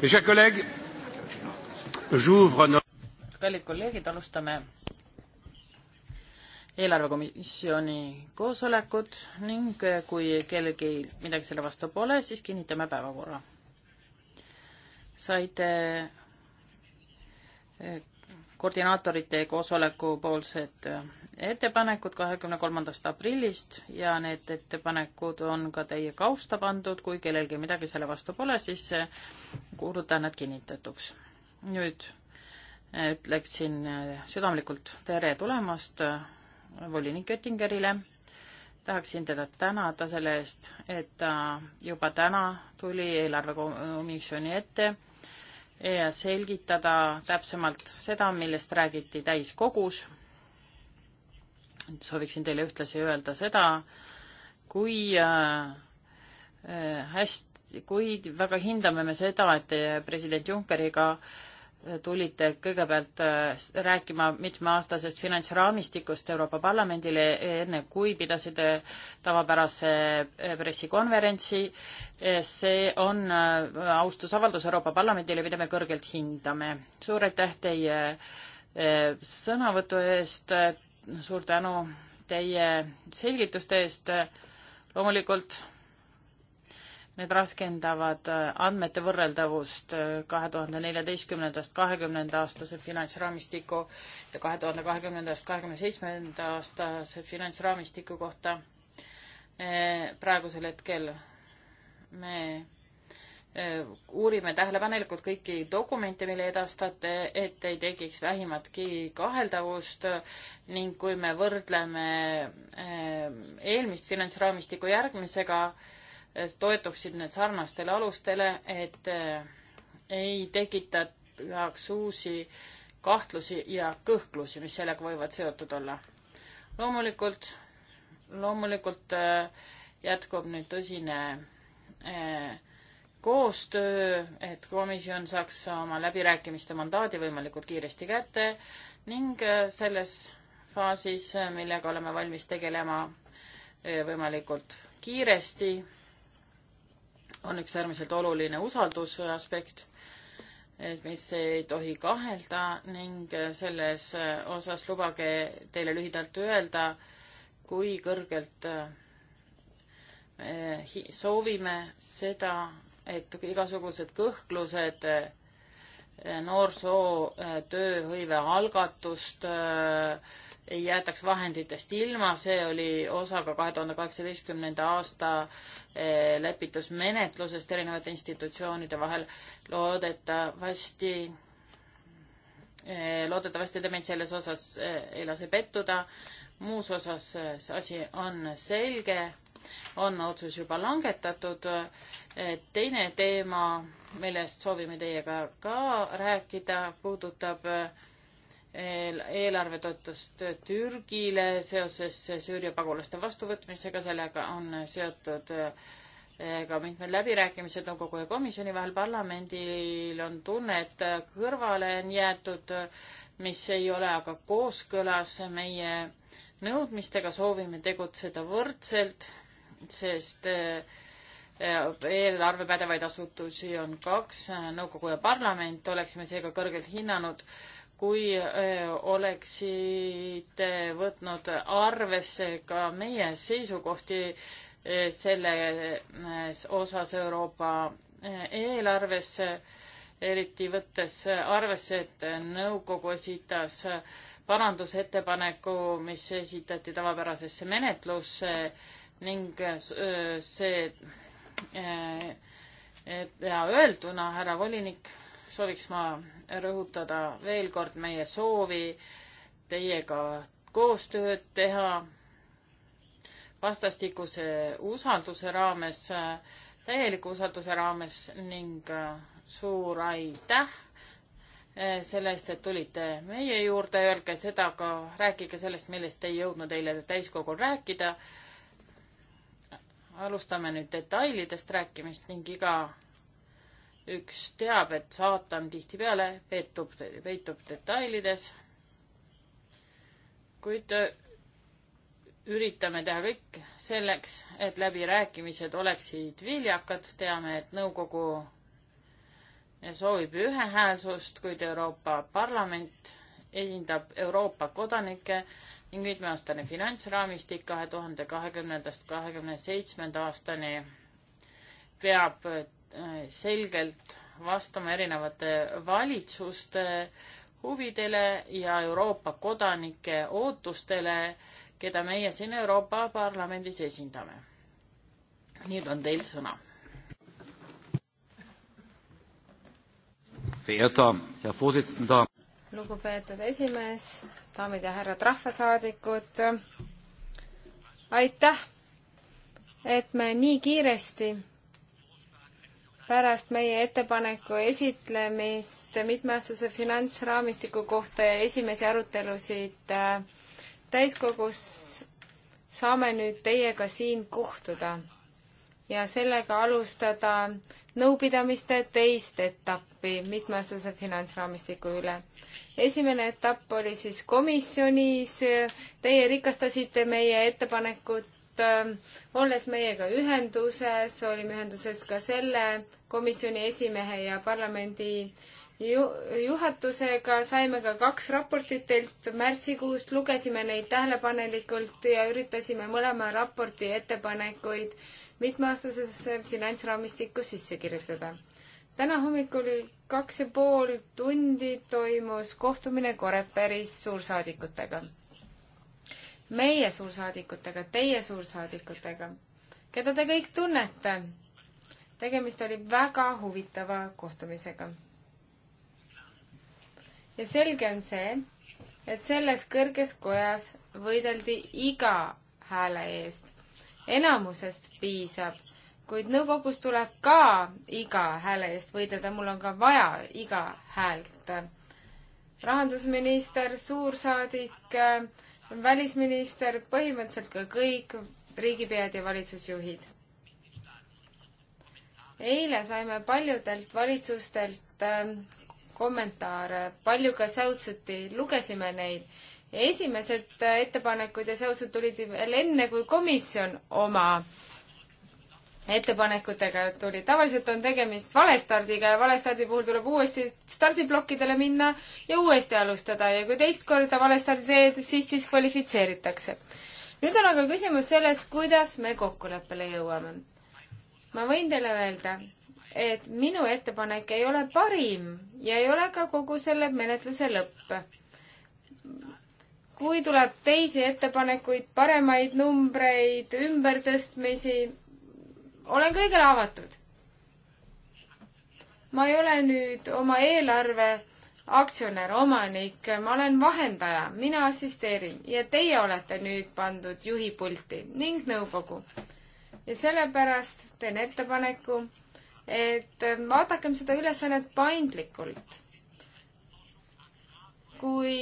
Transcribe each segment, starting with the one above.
Mes chers collègues, j'ouvre nos... kallid kolleegid, alustame eelarvekomisjoni koosolekut ning eh, kui kellelgi midagi selle vastu pole, siis kinnitame päevakorra. saite eh, koordinaatorite koosoleku poolsed äh, ettepanekud kahekümne kolmandast aprillist ja need ettepanekud on ka teie kausta pandud, kui kellelgi midagi selle vastu pole, siis äh, kuulutan nad kinnitatuks. nüüd äh, ütleksin südamlikult tere tulemast volinik Oettingerile, tahaksin teda tänada selle eest, et ta juba täna tuli eelarvekomisjoni ette ja selgitada täpsemalt seda, millest räägiti täiskogus. sooviksin teile ühtlasi öelda seda, kui äh, äh, hästi, kui väga hindame me seda, et äh, president Junckeriga äh, tulite kõigepealt äh, rääkima mitmeaastasest finantsraamistikust Euroopa Parlamendile, enne kui pidasite tavapärase äh, pressikonverentsi. Äh, see on austusavaldus Euroopa Parlamendile, mida me kõrgelt hindame. suur aitäh teie sõnavõtu eest, suur tänu teie selgituste eest. loomulikult Need raskendavad äh, andmete võrreldavust äh, kahe tuhande neljateistkümnendast kahekümnenda aastase finantsraamistiku ja kahe tuhande kahekümnendast kahekümne seitsmenda aastase finantsraamistiku kohta. Äh, praegusel hetkel me uurime tähelepanelikult kõiki dokumente, mille edastate, et ei tekiks vähimatki kaheldavust ning kui me võrdleme eelmist finantsraamistikku järgmisega, toetuksid need sarnastele alustele, et äh, ei tekitataks uusi kahtlusi ja kõhklusi, mis sellega võivad seotud olla. loomulikult, loomulikult äh, jätkub nüüd tõsine äh, koostöö, et komisjon saaks oma läbirääkimiste mandaadi võimalikult kiiresti kätte ning selles faasis, millega oleme valmis tegelema võimalikult kiiresti on üks äärmiselt oluline usalduse aspekt, et mis ei tohi kahelda ning selles osas lubage teile lühidalt öelda, kui kõrgelt äh, soovime seda, et igasugused kõhklused äh, noorsootööhõive äh, algatust äh, ei jäetaks vahenditest ilma, see oli osa ka kahe tuhande kaheksateistkümnenda aasta eh, lepitusmenetlusest erinevate institutsioonide vahel. loodetavasti, eh, loodetavasti te meid selles osas eh, ei lase pettuda. muus osas see asi on selge, on otsus juba langetatud. teine teema, millest soovime teiega ka rääkida, puudutab eelarvetoetust Türgile seoses Süüria pagulaste vastuvõtmisega, sellega on seotud eh, ka mitmed läbirääkimised nõukogu ja komisjoni vahel. parlamendil on tunne, et kõrvale on jäetud, mis ei ole aga kooskõlas meie nõudmistega, soovime tegutseda võrdselt, sest eh, eelarvepädevaid asutusi on kaks, nõukogu ja parlament, oleksime seega kõrgelt hinnanud äh, kui äh, oleksite äh, võtnud arvesse ka meie seisukohti äh, selles osas Euroopa eelarves, eriti võttes arvesse, et nõukogu esitas parandusettepaneku, mis esitati tavapärasesse menetlusse ning see ja öelduna, härra volinik, sooviks ma rõhutada veel kord meie soovi teiega koostööd teha vastastikuse usalduse raames, täieliku usalduse raames ning äh, suur aitäh äh, selle eest, et tulite meie juurde, öelge seda ka, rääkige sellest, millest ei jõudnud eile täiskogul rääkida. alustame nüüd detailidest rääkimist ning iga üks teab, et saatan tihtipeale peetub, peitub detailides. kuid äh, üritame teha kõik selleks, et läbirääkimised oleksid viljakad, teame, et nõukogu soovib ühehäälsust, kuid Euroopa Parlament esindab Euroopa kodanikke ning mitmeaastane finantsraamistik kahe tuhande kahekümnendast kahekümne seitsmenda aastani peab selgelt vastama erinevate valitsuste huvidele ja Euroopa kodanike ootustele, keda meie siin Euroopa Parlamendis esindame. nüüd on teil sõna. lugupeetud esimees, daamid ja härrad rahvasaadikud, aitäh, et me nii kiiresti pärast meie ettepaneku esitlemist mitmeaastase finantsraamistiku kohta ja esimesi arutelusid äh, täiskogus saame nüüd teiega siin kohtuda ja sellega alustada nõupidamiste teist etappi mitmeaastase finantsraamistiku üle. esimene etapp oli siis komisjonis, teie rikastasite meie ettepanekut Ähm, olles meiega ühenduses, olime ühenduses ka selle komisjoni esimehe ja parlamendi ju juhatusega, saime ka kaks raportit teilt märtsikuust, lugesime neid tähelepanelikult ja üritasime mõlema raporti ettepanekuid mitmeaastasesse finantsraamistikku sisse kirjutada. täna hommikul kaks ja pool tundi toimus kohtumine Koreperis suursaadikutega meie suursaadikutega, teie suursaadikutega, keda te kõik tunnete. tegemist oli väga huvitava kohtumisega. ja selge on see, et selles kõrges kojas võideldi iga hääle eest. enamusest piisab, kuid nõukogus tuleb ka iga hääle eest võidelda, mul on ka vaja iga häält. rahandusminister, suursaadik äh,, on välisminister, põhimõtteliselt ka kõik riigipead ja valitsusjuhid. eile saime paljudelt valitsustelt ähm, kommentaare, palju ka säutsuti, lugesime neid. esimesed äh, ettepanekud ja säutsud tulid veel enne, kui komisjon oma äh, ettepanekutega tuli. tavaliselt on tegemist valestardiga ja valestardi puhul tuleb uuesti stardiblokkidele minna ja uuesti alustada ja kui teist korda valestardi teed, siis diskvalifitseeritakse. nüüd on aga küsimus selles, kuidas me kokkuleppele jõuame. ma võin teile öelda, et minu ettepanek ei ole parim ja ei ole ka kogu selle menetluse lõpp. kui tuleb teisi ettepanekuid, paremaid numbreid, ümbertõstmisi, olen kõigele avatud. ma ei ole nüüd oma eelarve aktsionär, omanik, ma olen vahendaja, mina assisteerin ja teie olete nüüd pandud juhi pulti ning nõukogu. ja sellepärast teen ettepaneku, et vaadakem seda ülesannet paindlikult. kui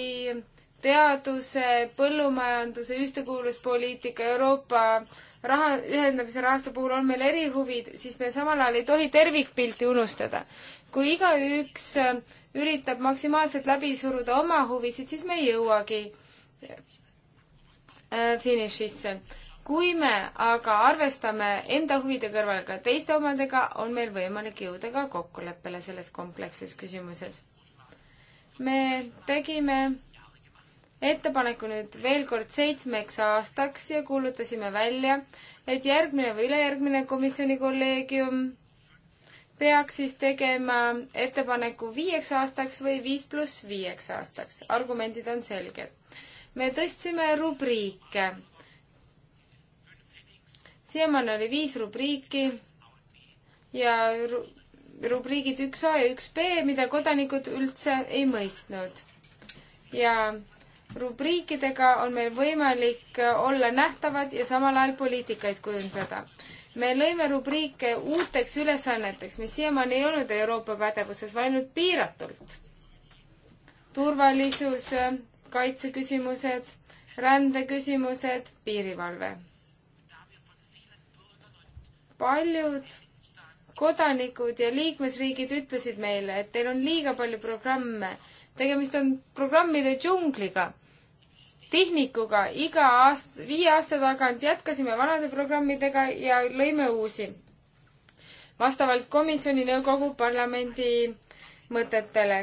teaduse, põllumajanduse, ühtekuuluvuspoliitika, Euroopa äh, raha, ühendamise rahastu puhul on meil erihuvid, siis me samal ajal ei tohi tervikpilti unustada. kui igaüks äh, üritab maksimaalselt läbi suruda oma huvisid, siis me ei jõuagi äh, finišisse. kui me aga arvestame enda huvide kõrval ka teiste omadega, on meil võimalik jõuda ka kokkuleppele selles kompleksses küsimuses. me tegime ettepaneku nüüd veel kord seitsmeks aastaks ja kuulutasime välja, et järgmine või ülejärgmine komisjoni kolleegium peaks siis tegema ettepaneku viieks aastaks või viis pluss viieks aastaks. argumendid on selged. me tõstsime rubriike. siiamaani oli viis rubriiki ja ru rubriigid üks A ja üks B, mida kodanikud üldse ei mõistnud. ja rubriikidega on meil võimalik äh, olla nähtavad ja samal ajal poliitikaid kujundada. me lõime rubriike uuteks ülesanneteks, mis siiamaani ei olnud Euroopa pädevuses, vaid ainult piiratult. turvalisus, äh, kaitseküsimused, rändeküsimused, piirivalve. paljud kodanikud ja liikmesriigid ütlesid meile, et teil on liiga palju programme tegemist on programmide džungliga tehnikuga, iga aasta, viie aasta tagant jätkasime vanade programmidega ja lõime uusi. vastavalt komisjoni, nõukogu, parlamendi mõtetele.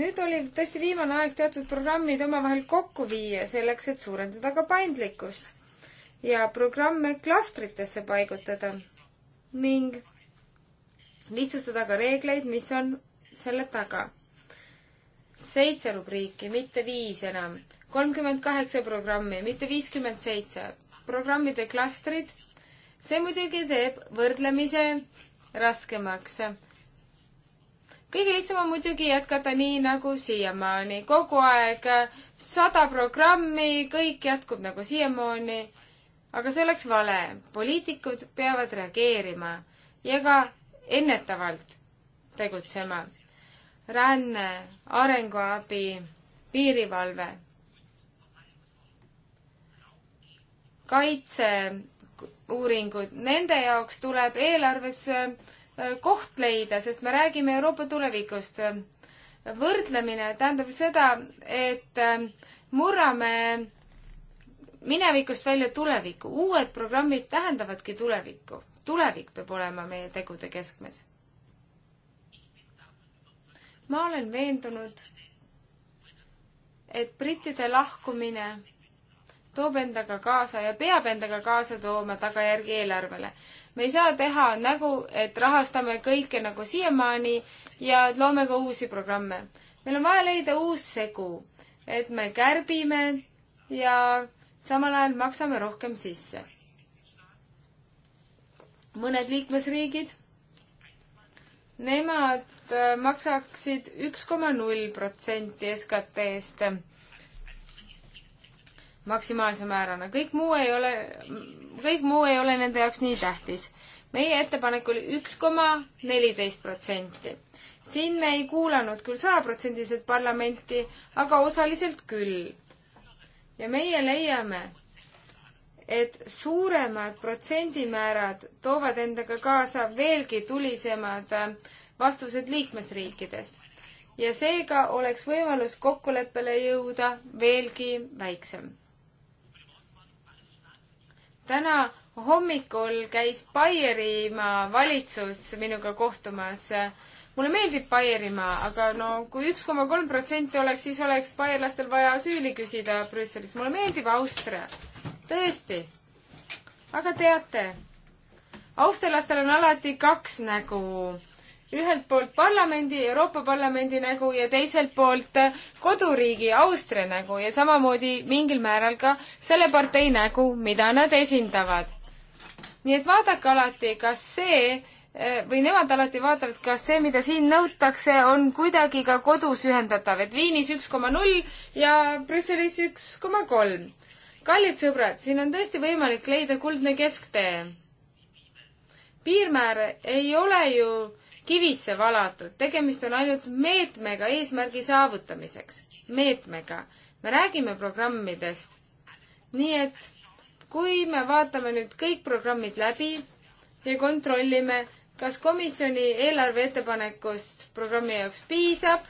nüüd oli tõesti viimane aeg teatud programmid omavahel kokku viia, selleks et suurendada ka paindlikkust ja programme klastritesse paigutada ning lihtsustada ka reegleid, mis on selle taga seitse rubriiki, mitte viis enam. kolmkümmend kaheksa programmi, mitte viiskümmend seitse. programmide klastrid, see muidugi teeb võrdlemise raskemaks. kõige lihtsam on muidugi jätkata nii nagu siiamaani, kogu aeg sada programmi, kõik jätkub nagu siiamaani. aga see oleks vale, poliitikud peavad reageerima ja ka ennetavalt tegutsema ränne, arenguabi, piirivalve, kaitseuuringud, nende jaoks tuleb eelarves äh, koht leida, sest me räägime Euroopa tulevikust. võrdlemine tähendab seda, et äh, murrame minevikust välja tulevikku, uued programmid tähendavadki tulevikku. tulevik peab olema meie tegude keskmes ma olen veendunud, et brittide lahkumine toob endaga kaasa ja peab endaga kaasa tooma tagajärgi eelarvele. me ei saa teha nägu, et rahastame kõike nagu siiamaani ja loome ka uusi programme. meil on vaja leida uus segu, et me kärbime ja samal ajal maksame rohkem sisse. mõned liikmesriigid, nemad nad äh, maksaksid üks koma null protsenti SKT-st maksimaalse määrana. kõik muu ei ole, kõik muu ei ole nende jaoks nii tähtis. meie ettepanek oli üks koma neliteist protsenti. siin me ei kuulanud küll sajaprotsendiliselt parlamenti, aga osaliselt küll. ja meie leiame, et suuremad protsendimäärad toovad endaga kaasa veelgi tulisemad äh, vastused liikmesriikidest. ja seega oleks võimalus kokkuleppele jõuda veelgi väiksem. täna hommikul käis Baierimaa valitsus minuga kohtumas. mulle meeldib Baierimaa, aga no kui üks koma kolm protsenti oleks, siis oleks baierlastel vaja süüli küsida Brüsselis. mulle meeldib Austria, tõesti. aga teate, austerlastel on alati kaks nägu ühelt poolt parlamendi, Euroopa Parlamendi nägu ja teiselt poolt koduriigi Austria nägu ja samamoodi mingil määral ka selle partei nägu, mida nad esindavad. nii et vaadake alati, kas see eh, või nemad alati vaatavad, kas see, mida siin nõutakse, on kuidagi ka kodus ühendatav, et Viinis üks koma null ja Brüsselis üks koma kolm. kallid sõbrad, siin on tõesti võimalik leida kuldne kesktee. piirmäär ei ole ju kivisse valatud, tegemist on ainult meetmega eesmärgi saavutamiseks, meetmega. me räägime programmidest. nii et kui me vaatame nüüd kõik programmid läbi ja kontrollime, kas komisjoni eelarve ettepanekust programmi jaoks piisab,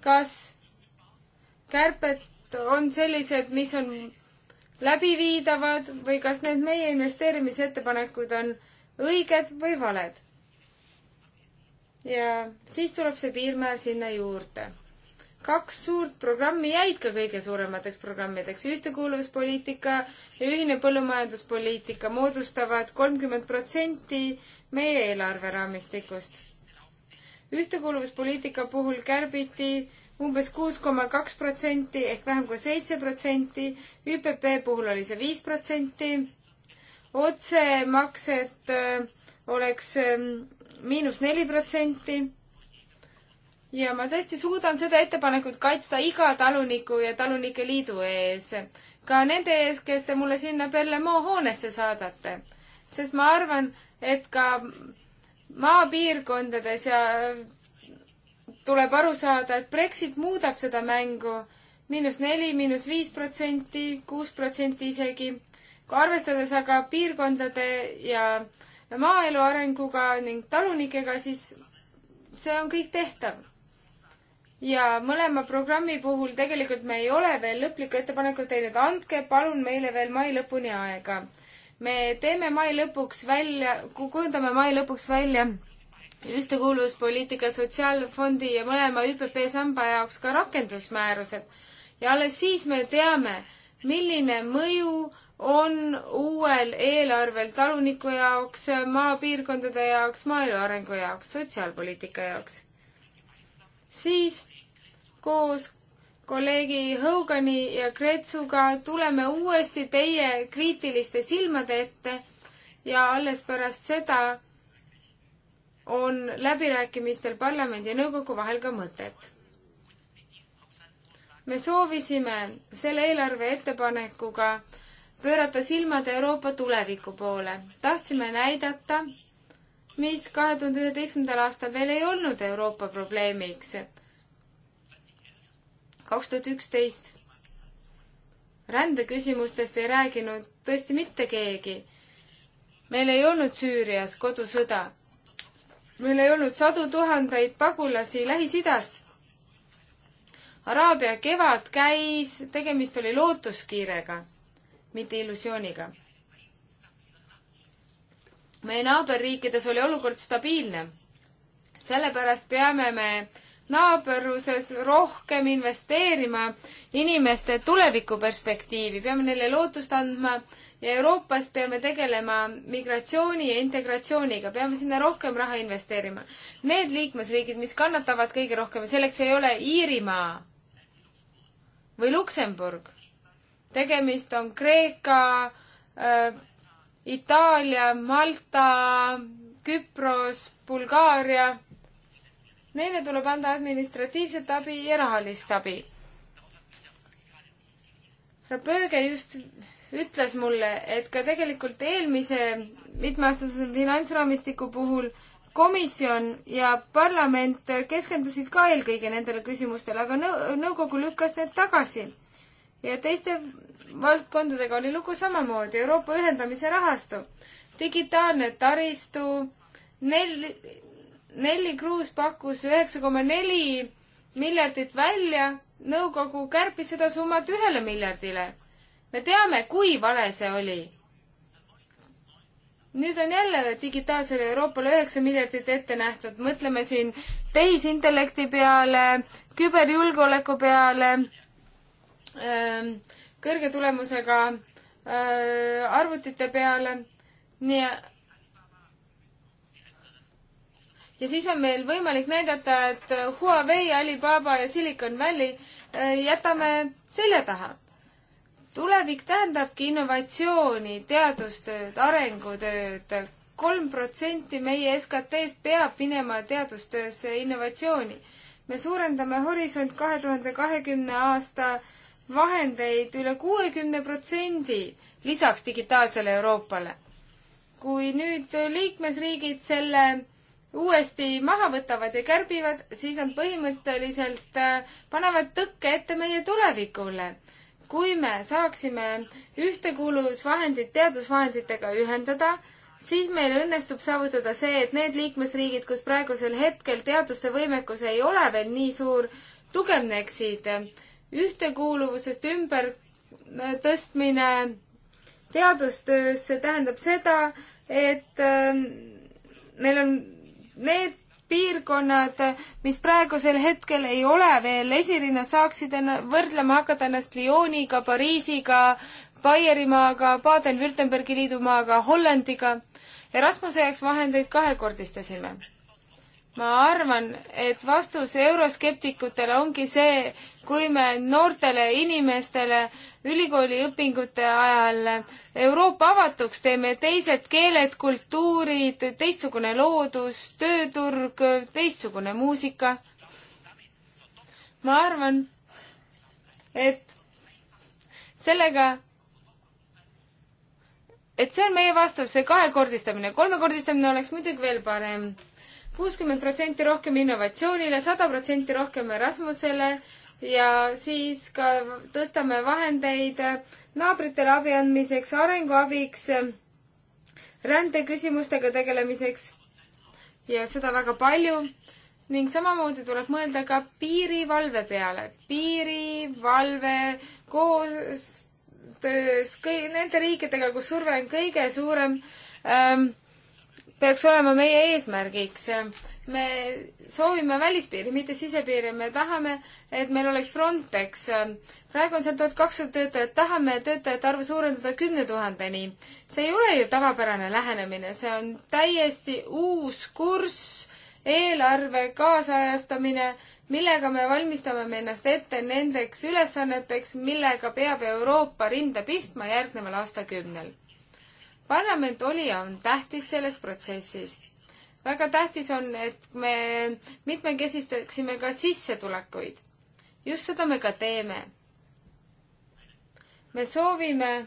kas kärped on sellised, mis on läbiviidavad või kas need meie investeerimisettepanekud on äh, õiged või valed. ja siis tuleb see piirmäär sinna juurde. kaks suurt programmi jäid ka kõige suuremateks programmideks. ühtekuuluvuspoliitika ja ühine põllumajanduspoliitika moodustavad kolmkümmend protsenti meie eelarveraamistikust. ühtekuuluvuspoliitika puhul kärbiti umbes kuus koma kaks protsenti ehk vähem kui seitse protsenti, ÜPP puhul oli see viis protsenti otsemaksed äh, oleks ähm, miinus neli protsenti. ja ma tõesti suudan seda ettepanekut kaitsta iga taluniku ja talunike liidu ees. ka nende ees, kes te mulle sinna Berlemoo hoonesse saadate. sest ma arvan, et ka maapiirkondades ja äh, tuleb aru saada, et Brexit muudab seda mängu miinus neli, miinus viis protsenti, kuus protsenti isegi kui arvestades aga piirkondade ja maaelu arenguga ning talunikega, siis see on kõik tehtav. ja mõlema programmi puhul tegelikult me ei ole veel lõplikku ettepanekut teinud, andke palun meile veel mai lõpuni aega. me teeme mai lõpuks välja, kujundame mai lõpuks välja ühtekuuluvuspoliitika sotsiaalfondi ja mõlema ÜPP samba jaoks ka rakendusmäärused ja alles siis me teame, milline mõju on uuel eelarvel taluniku jaoks, maapiirkondade jaoks, maaelu arengu jaoks, sotsiaalpoliitika jaoks. siis koos kolleegi Hogani ja Kretsuga tuleme uuesti teie kriitiliste silmade ette ja alles pärast seda on läbirääkimistel parlamendi ja nõukogu vahel ka mõtet. me soovisime selle eelarve ettepanekuga pöörata silmad Euroopa tuleviku poole. tahtsime näidata, mis kahe tuhande üheteistkümnendal aastal veel ei olnud Euroopa probleemiks. kaks tuhat üksteist rändeküsimustest ei rääginud tõesti mitte keegi. meil ei olnud Süürias kodusõda. meil ei olnud sadu tuhandeid pagulasi Lähis-Idast. Araabia kevad käis, tegemist oli lootuskiirega mitte illusiooniga. meie naaberriikides oli olukord stabiilne. sellepärast peame me naabruses rohkem investeerima inimeste tulevikuperspektiivi, peame neile lootust andma ja Euroopas peame tegelema migratsiooni ja integratsiooniga, peame sinna rohkem raha investeerima. Need liikmesriigid, mis kannatavad kõige rohkem, selleks ei ole Iirimaa või Luksemburg, tegemist on Kreeka, äh, Itaalia, Malta, Küpros, Bulgaaria. Neile tuleb anda administratiivset abi ja rahalist abi. härra Pööge just ütles mulle, et ka tegelikult eelmise mitmeaastase finantsraamistiku puhul komisjon ja parlament keskendusid ka eelkõige nendele küsimustele, aga nõukogu lükkas need tagasi. ja teiste valdkondadega oli lugu samamoodi, Euroopa ühendamise rahastu, digitaalne taristu, nel-, Nelli Kruus pakkus üheksa koma neli miljardit välja, nõukogu kärpis seda summat ühele miljardile. me teame, kui vale see oli. nüüd on jälle digitaalsele Euroopale üheksa miljardit ette nähtud, mõtleme siin tehisintellekti peale, küberjulgeoleku peale ähm,, kõrge tulemusega äh, arvutite peale, nii ja siis on meil võimalik näidata, et Huawei, Alibaba ja Silicon Valley äh, jätame selja taha. tulevik tähendabki innovatsiooni, teadustööd, arengutööd, kolm protsenti meie SKT-st peab minema teadustöösse ja innovatsiooni. me suurendame Horisont kahe tuhande kahekümne aasta äh, vahendeid üle kuuekümne protsendi lisaks digitaalsele Euroopale. kui nüüd liikmesriigid selle uuesti maha võtavad ja kärbivad, siis nad põhimõtteliselt äh, panevad tõkke ette meie tulevikule. kui me saaksime ühtekuuluvusvahendid teadusvahenditega ühendada, siis meil õnnestub saavutada see, et need liikmesriigid, kus praegusel hetkel teaduste võimekus ei ole veel nii suur, tugevneksid ühtekuuluvusest ümbertõstmine äh, teadustöös, see tähendab seda, et ähm, meil on need piirkonnad, mis praegusel hetkel ei ole veel esirinnas, saaksid enna-, võrdlema hakata ennast Lyoniga, Pariisiga, Baierimaaga, Baden-Württembergi liidumaaga, Hollandiga. Erasmuse jaoks vahendeid kahekordistasime ma arvan, et vastus euroskeptikutele ongi see, kui me noortele inimestele ülikooliõpingute ajal Euroopa avatuks teeme, teised keeled, kultuurid, teistsugune loodus, tööturg, teistsugune muusika. ma arvan, et sellega et see on meie vastus, see kahekordistamine, kolmekordistamine oleks muidugi veel parem kuuskümmend protsenti rohkem innovatsioonile, sada protsenti rohkem Erasmusele ja siis ka tõstame vahendeid naabritele abi andmiseks, arenguabiks, rändeküsimustega tegelemiseks ja seda väga palju. ning samamoodi tuleb mõelda ka piirivalve peale. piirivalve koostöös kõi-, nende riikidega, kus surve on kõige suurem ähm,, peaks olema meie eesmärgiks. me soovime välispiiri, mitte sisepiiri, me tahame, et meil oleks Frontex. praegu on seal tuhat kakssada töötajat, tahame töötajate arvu suurendada kümne tuhandeni. see ei ole ju tavapärane lähenemine, see on täiesti uus kurss, eelarve kaasajastamine, millega me valmistame ennast ette nendeks ülesanneteks, millega peab Euroopa rinda pistma järgneval aastakümnel parlament oli ja on tähtis selles protsessis. väga tähtis on, et me mitmekesistaksime ka sissetulekuid. just seda me ka teeme. me soovime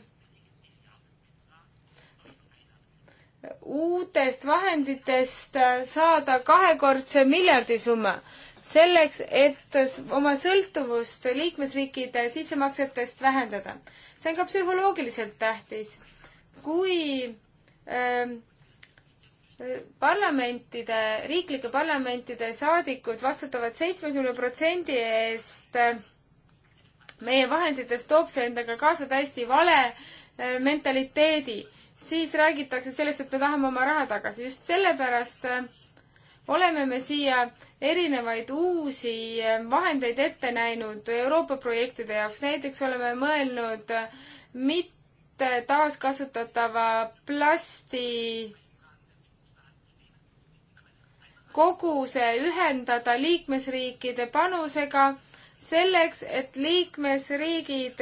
uutest vahenditest saada kahekordse miljardi summa selleks, et oma sõltuvust liikmesriikide sissemaksetest vähendada. see on ka psühholoogiliselt tähtis kui ähm, parlamentide, riiklike parlamentide saadikud vastutavad seitsmekümne protsendi eest meie vahenditest, toob see endaga kaasa täiesti vale äh, mentaliteedi. siis räägitakse sellest, et me tahame oma raha tagasi. just sellepärast äh, oleme me siia erinevaid uusi äh, vahendeid ette näinud Euroopa projektide jaoks. näiteks oleme mõelnud mit-, taaskasutatava plasti koguse ühendada liikmesriikide panusega selleks, et liikmesriigid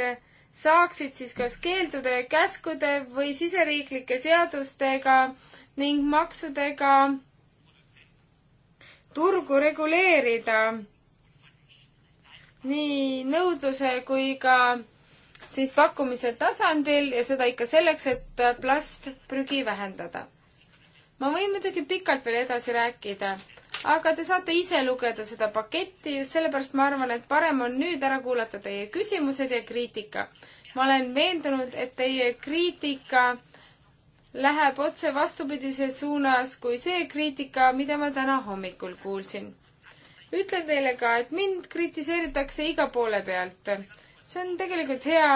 saaksid siis kas keeldude, käskude või siseriiklike seadustega ning maksudega turgu reguleerida nii nõudluse kui ka siis pakkumise tasandil ja seda ikka selleks, et plastprügi vähendada. ma võin muidugi pikalt veel edasi rääkida, aga te saate ise lugeda seda paketti, just sellepärast ma arvan, et parem on nüüd ära kuulata teie küsimused ja kriitika. ma olen veendunud, et teie kriitika läheb otse vastupidises suunas kui see kriitika, mida ma täna hommikul kuulsin. ütlen teile ka, et mind kritiseeritakse iga poole pealt see on tegelikult hea,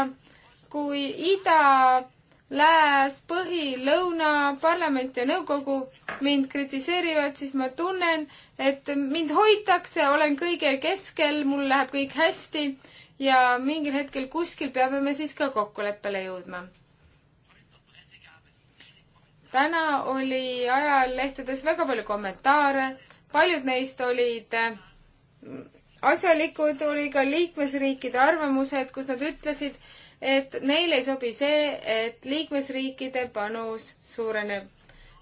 kui ida, lääs, põhi, lõuna, parlament ja nõukogu mind kritiseerivad, siis ma tunnen, et mind hoitakse, olen kõige keskel, mul läheb kõik hästi ja mingil hetkel kuskil peame me siis ka kokkuleppele jõudma. täna oli ajalehtedes väga palju kommentaare, paljud neist olid asjalikud, oli ka liikmesriikide arvamused, kus nad ütlesid, et neile ei sobi see, et liikmesriikide panus suureneb.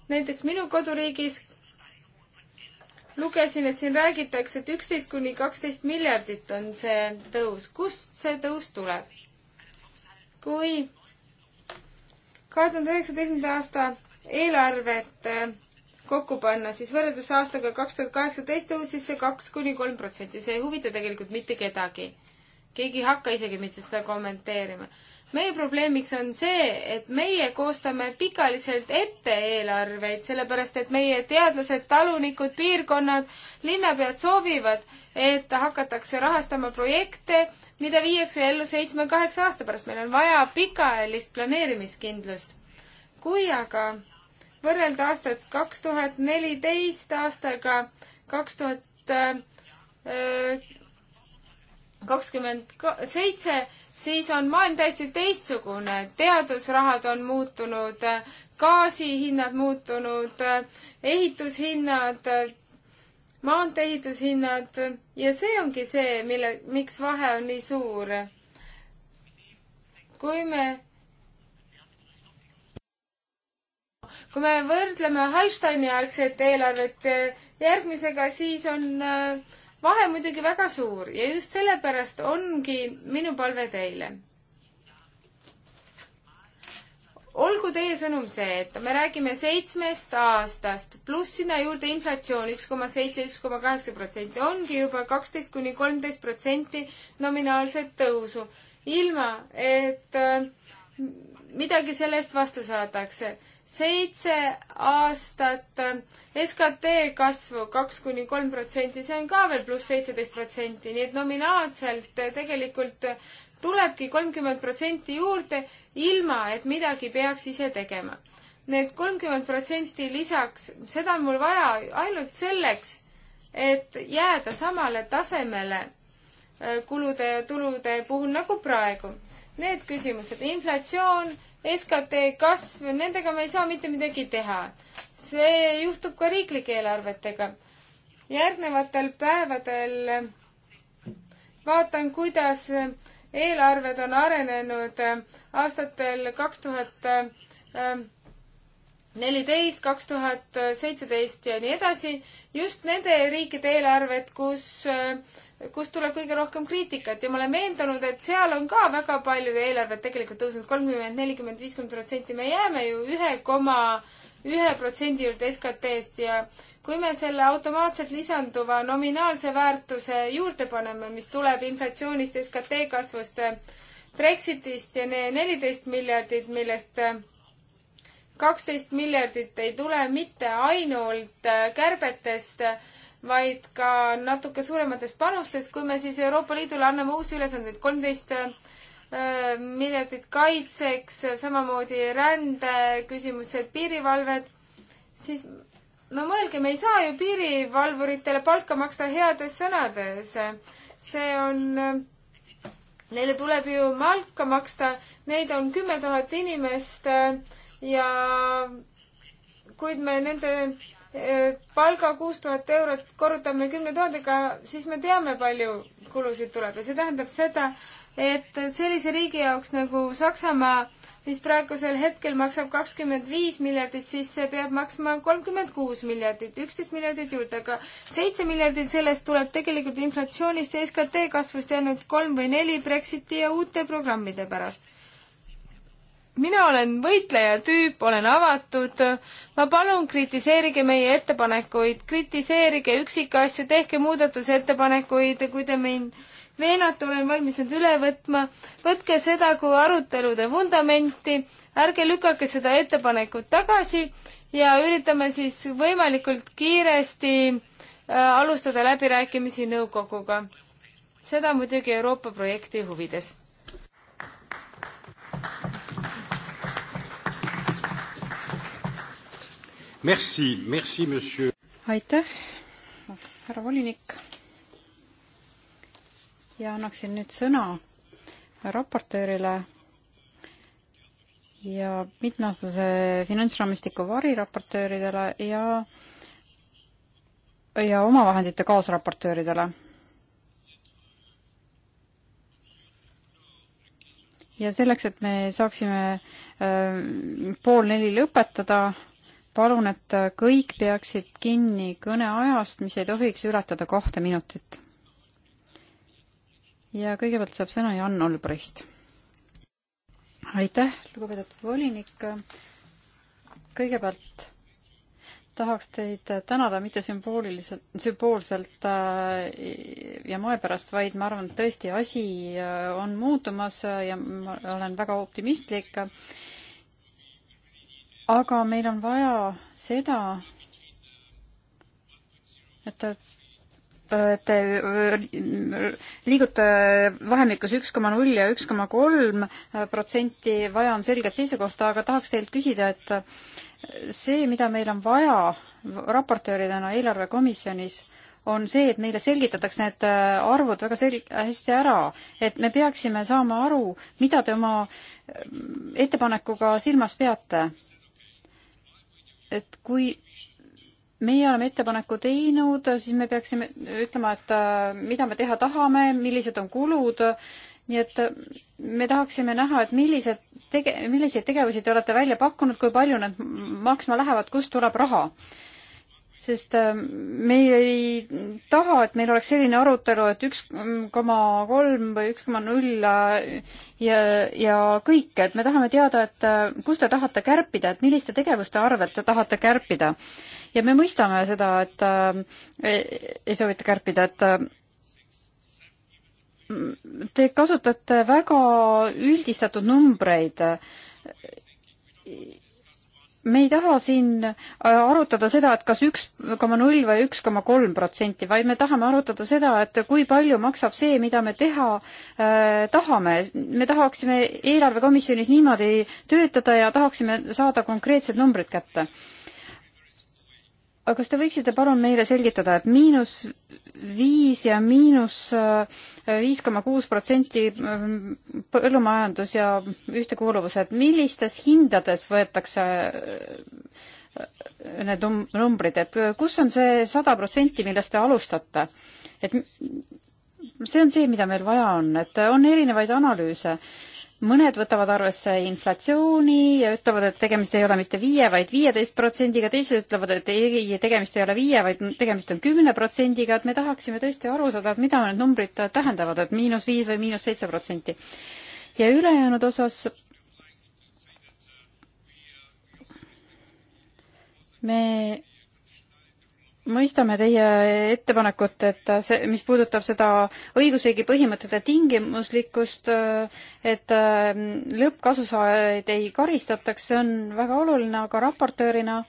näiteks minu koduriigis lugesin, et siin räägitakse, et üksteist kuni kaksteist miljardit on see tõus. kust see tõus tuleb? kui kahe tuhande üheksateistkümnenda aasta eelarvet kokku panna, siis võrreldes aastaga kaks tuhat kaheksateist tõusis see kaks kuni kolm protsenti, see ei huvita tegelikult mitte kedagi. keegi ei hakka isegi mitte seda kommenteerima. meie probleemiks on see, et meie koostame pikaliselt ette eelarveid, sellepärast et meie teadlased, talunikud, piirkonnad, linnapead soovivad, et hakatakse rahastama projekte, mida viiakse ellu seitsme-kaheksa aasta pärast. meil on vaja pikaajalist planeerimiskindlust. kui aga võrrelda aastat kaks tuhat neliteist aastaga kaks tuhat äh, kakskümmend seitse, siis on maailm täiesti teistsugune. teadusrahad on muutunud, gaasihinnad muutunud, ehitushinnad, maanteeehitushinnad ja see ongi see, mille, miks vahe on nii suur. kui me kui me võrdleme Hallsteini aegset eelarvet eh, järgmisega, siis on eh, vahe muidugi väga suur ja just sellepärast ongi minu palve teile. olgu teie sõnum see, et me räägime seitsmest aastast, pluss sinna juurde inflatsioon üks koma seitse, üks koma kaheksa protsenti, ongi juba kaksteist kuni kolmteist protsenti nominaalset tõusu, ilma et eh, midagi selle eest vastu saadakse seitse aastat SKT kasvu kaks kuni kolm protsenti, see on ka veel pluss seitseteist protsenti, nii et nominaalselt tegelikult tulebki kolmkümmend protsenti juurde, ilma et midagi peaks ise tegema. Need kolmkümmend protsenti lisaks, seda on mul vaja ainult selleks, et jääda samale tasemele äh, kulude ja tulude puhul nagu praegu. Need küsimused, inflatsioon SKT kasv, nendega me ei saa mitte midagi teha. see juhtub ka riiklike eelarvetega. järgnevatel päevadel vaatan, kuidas eelarved on arenenud aastatel kaks tuhat äh, neliteist, kaks tuhat seitseteist ja nii edasi, just nende riikide eelarved, kus äh, kust tuleb kõige rohkem kriitikat ja ma olen veendunud, et seal on ka väga palju eelarved tegelikult tõusnud kolmkümmend, nelikümmend, viiskümmend protsenti, me jääme ju ühe koma ühe protsendi juurde SKT-st ja kui me selle automaatselt lisanduva nominaalse väärtuse juurde paneme, mis tuleb inflatsioonist, SKT kasvust, Brexitist ja neliteist miljardit, millest äh, kaksteist miljardit ei tule mitte ainult äh, kärbetest, vaid ka natuke suurematest panustest, kui me siis Euroopa Liidule anname uusi ülesandeid, kolmteist äh, miljardit kaitseks, samamoodi rändeküsimused, piirivalved, siis no mõelge, me ei saa ju piirivalvuritele palka maksta heades sõnades. see on, neile tuleb ju palka maksta, neid on kümme tuhat inimest äh, ja kuid me nende Eh, palga kuus tuhat eurot korrutame kümne tuhandega, siis me teame, palju kulusid tuleb ja see tähendab seda, et sellise riigi jaoks nagu Saksamaa, mis praegusel hetkel maksab kakskümmend viis miljardit, siis see peab maksma kolmkümmend kuus miljardit, üksteist miljardit juurde, aga seitse miljardit sellest tuleb tegelikult inflatsioonist ja SKT kasvust ja ainult kolm või neli Brexiti ja uute programmide pärast mina olen võitleja tüüp, olen avatud, ma palun, kritiseerige meie ettepanekuid, kritiseerige üksikasju, tehke muudatusettepanekuid, kui te mind veenate, olen valmis need üle võtma, võtke seda kui arutelude vundamenti, ärge lükake seda ettepanekut tagasi ja üritame siis võimalikult kiiresti äh, alustada läbirääkimisi nõukoguga. seda muidugi Euroopa projekti huvides Merci, merci, monsieur. aitäh, härra volinik. ja annaksin nüüd sõna raportöörile ja mitmeaastase finantsraamistiku variraportööridele ja ja omavahendite kaasraportööridele. ja selleks, et me saaksime äh, pool neli lõpetada, palun, et kõik peaksid kinni kõneajast, mis ei tohiks ületada kahte minutit. ja kõigepealt saab sõna Jan Olbricht. aitäh, lugupeetud volinik. kõigepealt tahaks teid tänada mitte sümbooliliselt, sümboolselt äh, ja moe pärast, vaid ma arvan, et tõesti asi äh, on muutumas äh, ja ma olen väga optimistlik aga meil on vaja seda, et te äh, liigute vahemikus üks koma null ja üks koma kolm äh, protsenti, vaja on selget seisukohta, aga tahaks teilt küsida, et see, mida meil on vaja raportööridena eelarvekomisjonis, on see, et meile selgitatakse need äh, arvud väga sel-, hästi ära, et me peaksime saama aru, mida te oma ettepanekuga silmas peate et kui meie oleme ettepaneku teinud, siis me peaksime ütlema, et äh, mida me teha tahame, millised on kulud, nii et äh, me tahaksime näha, et millised tege-, milliseid tegevusi te olete välja pakkunud, kui palju need maksma lähevad, kust tuleb raha sest äh, me ei taha, et meil oleks selline arutelu, et üks koma kolm või üks koma null äh, ja, ja kõik, et me tahame teada, et äh, kus te tahate kärpida, et milliste tegevuste arvelt te tahate kärpida. ja me mõistame seda, et äh, ei, ei soovita kärpida, et äh, te kasutate väga üldistatud numbreid me ei taha siin äh, arutada seda, et kas üks koma null või üks koma kolm protsenti, vaid me tahame arutada seda, et kui palju maksab see, mida me teha äh, tahame. me tahaksime eelarvekomisjonis niimoodi töötada ja tahaksime saada konkreetsed numbrid kätte kas te võiksite palun meile selgitada, et miinus viis ja miinus äh, viis koma kuus protsenti äh, põllumajandus ja ühtekuuluvus, et millistes hindades võetakse äh, need numbrid, et kus on see sada protsenti, millest te alustate? et see on see, mida meil vaja on, et on erinevaid analüüse mõned võtavad arvesse inflatsiooni ja ütlevad, et tegemist ei ole mitte viie, vaid viieteist protsendiga, teised ütlevad, et ei, tegemist ei ole viie, vaid tegemist on kümne protsendiga, et me tahaksime tõesti aru saada, et mida need numbrid tähendavad, et miinus viis või miinus seitse protsenti. ja ülejäänud osas me mõistame teie ettepanekut, et see, mis puudutab seda õigusriigi põhimõtete tingimuslikkust, et ähm, lõppkasusaajaid ei karistataks, see on väga oluline, aga raportöörina,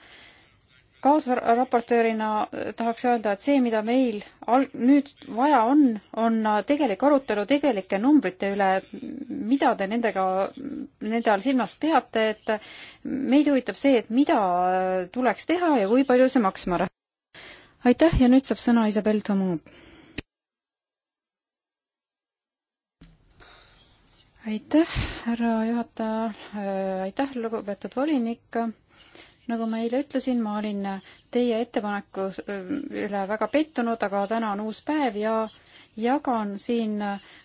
kaasraportöörina tahaks öelda, et see, mida meil al-, nüüd vaja on, on tegelik arutelu tegelike numbrite üle, mida te nendega, nende all silmas peate, et meid huvitab see, et mida tuleks teha ja kui palju see maksma läheb aitäh ja nüüd saab sõna Isabel Tomo. aitäh, härra juhataja, äh, aitäh, lugupeetud volinik. nagu ma eile ütlesin, ma olin teie ettepaneku äh, üle väga pettunud, aga täna on uus päev ja jagan siin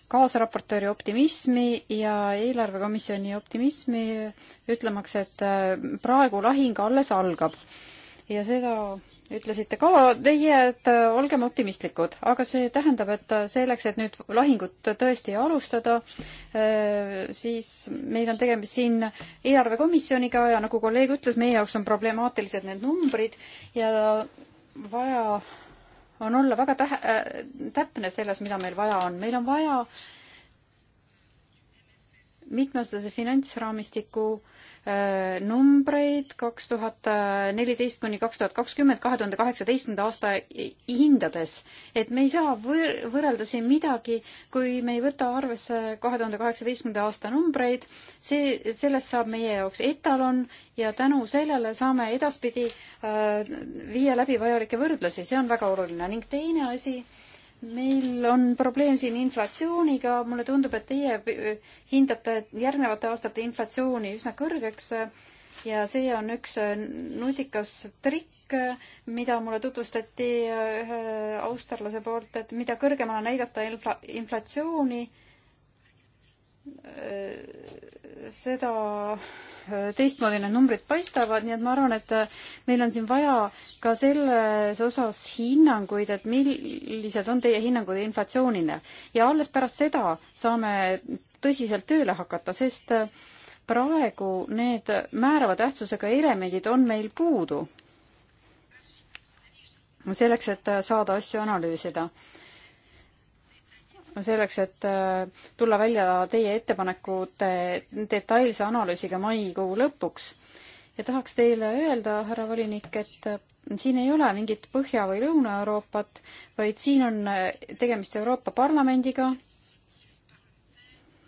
kaasraportööri optimismi ja eelarvekomisjoni optimismi, ütlemaks, et äh, praegu lahing alles algab ja seda ütlesite ka teie, et äh, olgem optimistlikud, aga see tähendab, et äh, selleks, et nüüd lahingut tõesti alustada, äh, siis meil on tegemist siin eelarvekomisjoniga ja nagu kolleeg ütles, meie jaoks on problemaatilised need numbrid ja vaja on olla väga tähe- äh,, täpne selles, mida meil vaja on. meil on vaja mitmeaastase finantsraamistiku äh, Äh, numbreid kaks tuhat äh, neliteist kuni kaks tuhat kakskümmend, kahe tuhande kaheksateistkümnenda aasta hindades. et me ei saa võr-, võrrelda siin midagi, kui me ei võta arvesse kahe tuhande kaheksateistkümnenda aasta numbreid, see, sellest saab meie jaoks etalon ja tänu sellele saame edaspidi äh, viia läbi vajalikke võrdlusi, see on väga oluline ning teine asi, meil on probleem siin inflatsiooniga, mulle tundub, et teie hindate järgnevate aastate inflatsiooni üsna kõrgeks ja see on üks nutikas trikk, mida mulle tutvustati ühe austerlase poolt, et mida kõrgemana näidata infla-, inflatsiooni, seda teistmoodi need numbrid paistavad, nii et ma arvan, et äh, meil on siin vaja ka selles osas hinnanguid, et millised on teie hinnangud inflatsioonile. ja alles pärast seda saame tõsiselt tööle hakata, sest äh, praegu need määrava tähtsusega elemendid on meil puudu selleks, et äh, saada asju analüüsida selleks, et äh, tulla välja teie ettepanekute detailse analüüsiga maikuu lõpuks. ja tahaks teile öelda, härra volinik, et äh, siin ei ole mingit Põhja- või Lõuna-Euroopat, vaid siin on äh, tegemist Euroopa Parlamendiga,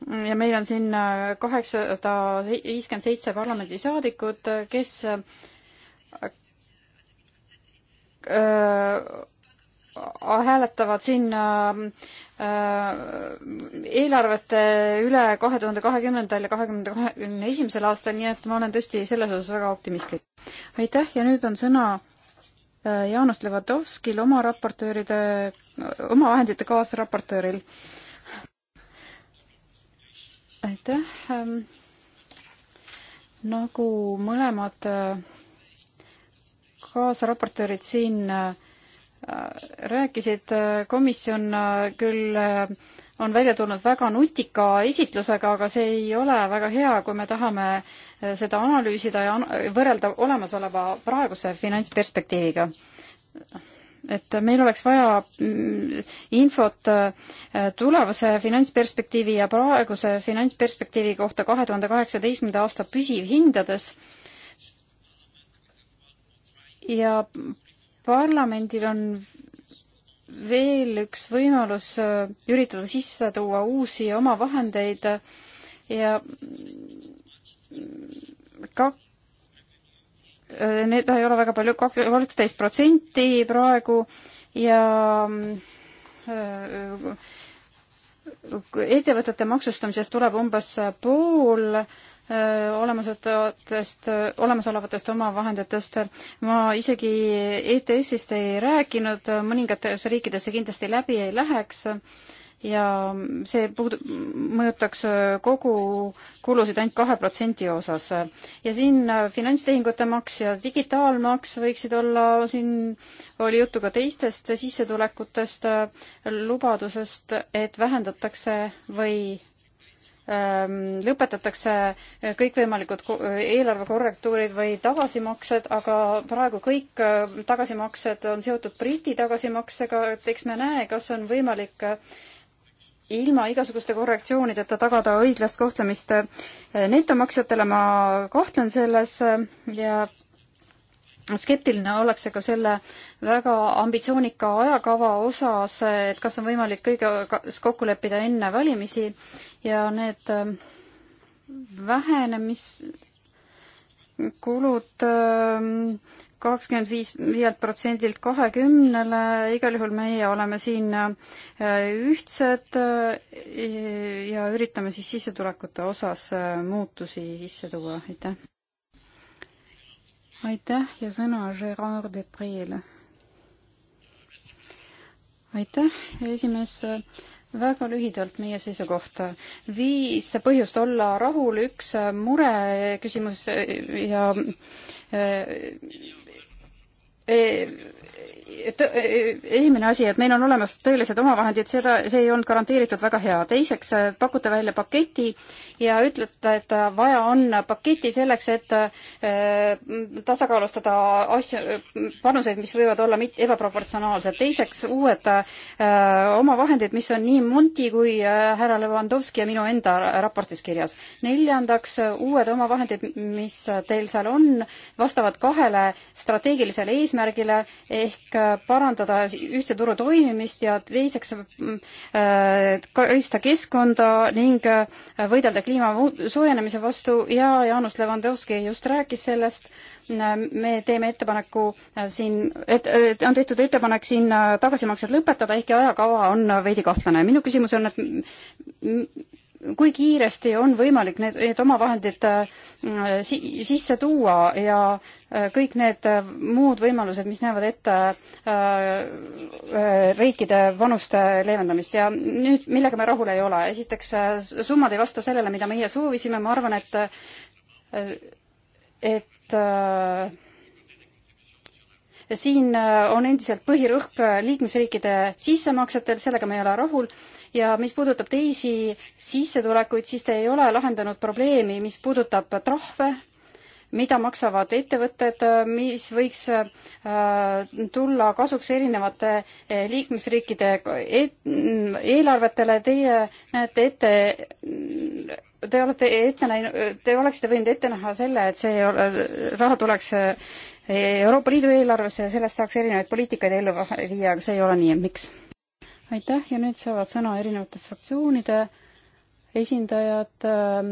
ja meil on siin kaheksasada viiskümmend seitse parlamendisaadikut, kes hääletavad siin äh, Äh, eelarvete üle kahe tuhande kahekümnendal ja kahekümne kahekümne esimesel aastal, nii et ma olen tõesti selles osas väga optimistlik. aitäh ja nüüd on sõna äh, Jaanus Levadovskil, oma raportööride, oma vahendite kaasraportööril. aitäh. Ähm, nagu mõlemad äh, kaasraportöörid siin äh, rääkisid, komisjon äh, küll äh, on välja tulnud väga nutika esitlusega, aga see ei ole väga hea, kui me tahame äh, seda analüüsida ja võrrelda olemasoleva praeguse finantsperspektiiviga. et meil oleks vaja mm, infot tulevase finantsperspektiivi ja praeguse finantsperspektiivi kohta kahe tuhande kaheksateistkümnenda aasta püsivhindades ja parlamendil on veel üks võimalus äh, üritada sisse tuua uusi omavahendeid ja ka äh, need ei ole väga palju, kaksteist protsenti praegu ja äh, ettevõtete maksustamisest tuleb umbes pool olemasolevatest, olemasolevatest omavahenditest. ma isegi ETS-ist ei rääkinud, mõningates riikides see kindlasti läbi ei läheks ja see puudu-, mõjutaks kogu kulusid ainult kahe protsendi osas. ja siin finantstehingute maks ja digitaalmaks võiksid olla, siin oli juttu ka teistest sissetulekutest, lubadusest, et vähendatakse või Ehm, lõpetatakse eh, kõikvõimalikud eh, eelarvekorrektuurid või tagasimaksed, aga praegu kõik eh, tagasimaksed on seotud Briti tagasimaksega, et eks me näe, kas on võimalik ilma igasuguste korrektsioonideta tagada õiglast kohtlemist netomaksjatele, ma kahtlen selles ja skeptiline ollakse ka selle väga ambitsioonika ajakava osas, et kas on võimalik kõiges kokku leppida enne valimisi ja need ähm, vähenemiskulud ähm, kakskümmend viis, viielt protsendilt kahekümnele, igal juhul meie oleme siin äh, ühtsed äh, ja üritame siis sissetulekute osas äh, muutusi sisse tuua, aitäh. aitäh ja sõna Gerard Depreele. aitäh, esimees väga lühidalt meie seisukohta. viis põhjust olla rahul, üks mure küsimus äh, ja äh, e, esimene asi, et meil on olemas tõelised omavahendid, seda, see ei olnud garanteeritud väga hea. teiseks äh, pakute välja paketi ja ütlete, et äh, vaja on paketi selleks, et äh, tasakaalustada asju, panuseid, mis võivad olla mit-, ebaproportsionaalsed. teiseks uued omavahendid, mis on nii Monti kui härra Levandovski ja minu enda raportis kirjas. neljandaks, uued omavahendid, mis teil seal on, vastavad kahele strateegilisele eesmärgile ehk parandada ühtse turu toimimist ja teiseks mm, äh, kaitsta keskkonda ning äh, võidelda kliima soojenemise vastu ja Jaanus Levandovski just rääkis sellest me teeme ettepaneku äh, siin, et on tehtud ettepanek siin tagasimaksed lõpetada, ehkki ajakava on veidi kahtlane. minu küsimus on, et kui kiiresti on võimalik need, need omavahendid äh, si, sisse tuua ja äh, kõik need äh, muud võimalused, mis näevad ette äh, riikide panuste leevendamist ja nüüd, millega me rahul ei ole, esiteks summad ei vasta sellele, mida meie soovisime, ma arvan, et et äh, siin on endiselt põhirõhk liikmesriikide sissemaksetel, sellega me ei ole rahul ja mis puudutab teisi sissetulekuid, siis te ei ole lahendanud probleemi, mis puudutab trahve, mida maksavad ettevõtted, mis võiks äh, tulla kasuks erinevate äh, liikmesriikide eelarvetele, teie näete ette Te olete ette näinud, te oleksite võinud ette näha selle, et see raha tuleks äh, Euroopa Liidu eelarvesse ja sellest saaks erinevaid poliitikaid ellu viia, aga see ei ole nii, miks? aitäh ja nüüd saavad sõna erinevate fraktsioonide esindajad ähm,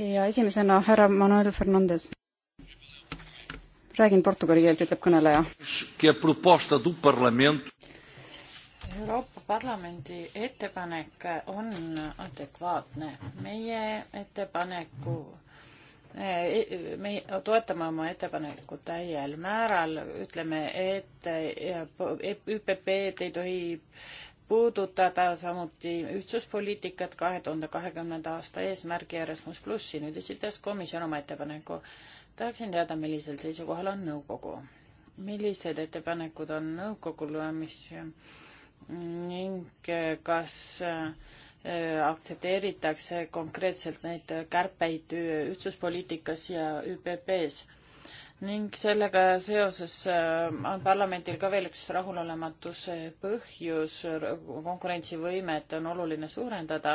ja esimesena härra Manuel Fernandez. räägin portugali keelt, ütleb kõneleja. Euroopa Parlamendi ettepanek on adekvaatne. meie ettepaneku eh, me toetame oma ettepanekut täiel määral, ütleme, et eh, ÜPP-d ei tohi puudutada samuti ühtsuspoliitikat kahe tuhande kahekümnenda aasta eesmärgi ja Erasmus plussi. nüüd esitas komisjon oma ettepaneku. tahaksin teada, millisel seisukohal on nõukogu. millised ettepanekud on nõukogul, mis ning kas äh, aktsepteeritakse konkreetselt neid kärpeid ühtsuspoliitikas ja ÜPP-s ning sellega seoses äh, on parlamendil ka veel üks rahulolematuse põhjus, konkurentsivõimet on oluline suurendada,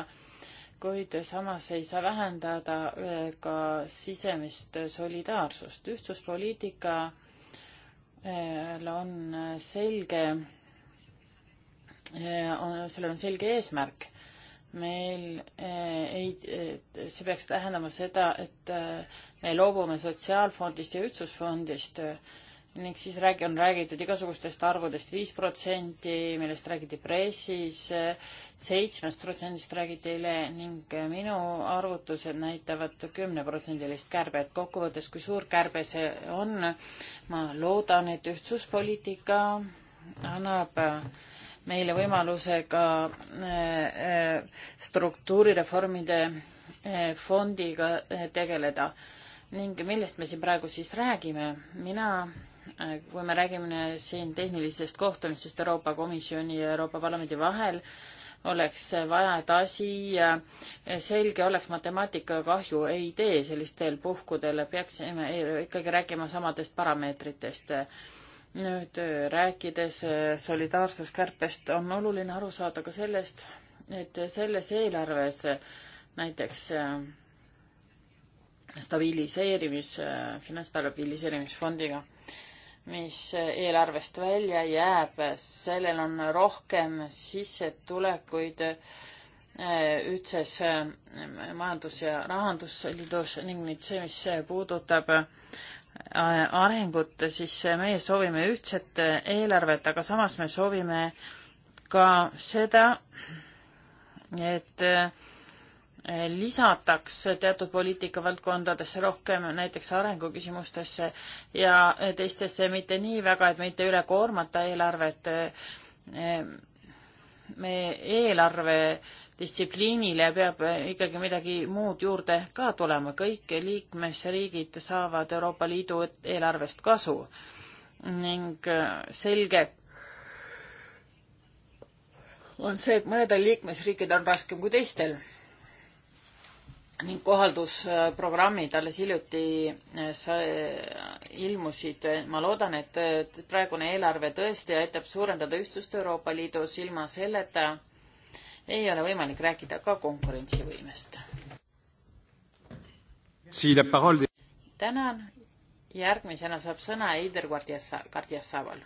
kuid samas ei saa vähendada äh, ka sisemist solidaarsust. ühtsuspoliitikal äh, on selge, sellel on selge eesmärk meil eh, ei, see peaks tähendama seda, et eh, me loobume sotsiaalfondist ja ühtsusfondist eh, ning siis räägi-, on räägitud igasugustest arvudest, viis protsenti, millest räägiti pressis, seitsmest protsendist räägiti eile ning minu arvutused näitavad kümneprotsendilist kärbet. kokkuvõttes, kui suur kärbe see on, ma loodan, et ühtsuspoliitika annab äh, meile võimaluse ka äh, äh, struktuurireformide äh, fondiga tegeleda. ning millest me siin praegu siis räägime? mina, kui me räägime siin tehnilisest kohtumisest Euroopa Komisjoni ja Euroopa Parlamendi vahel, oleks vaja, et asi selge oleks, matemaatika kahju ei tee sellistel puhkudel, peaksime ikkagi rääkima samadest parameetritest nüüd äh, rääkides äh, solidaarsuskärpest, on oluline aru saada ka sellest, et selles eelarves äh, näiteks stabiliseerimis, finantsstabiliseerimisfondiga, mis eelarvest välja jääb, sellel on rohkem sissetulekuid ühtses majandus- ja rahandusliidus ning nüüd see, mis puudutab arengut, siis meie soovime ühtset eelarvet, aga samas me soovime ka seda, et lisataks teatud poliitikavaldkondadesse rohkem näiteks arenguküsimustesse ja teistesse mitte nii väga, et mitte üle koormata eelarvet me eelarvedistsipliinile peab ikkagi midagi muud juurde ka tulema, kõik liikmesriigid saavad Euroopa Liidu eelarvest kasu ning äh, selge on see, et mõnedel liikmesriikidel on raskem kui teistel ning kohaldusprogrammid alles hiljuti eh, eh, ilmusid. ma loodan, et praegune eelarve tõesti aitab suurendada ühtsust Euroopa Liidus, ilma selleta ei ole võimalik rääkida ka konkurentsivõimest. tänan, järgmisena saab sõna Eider Kardjasaval.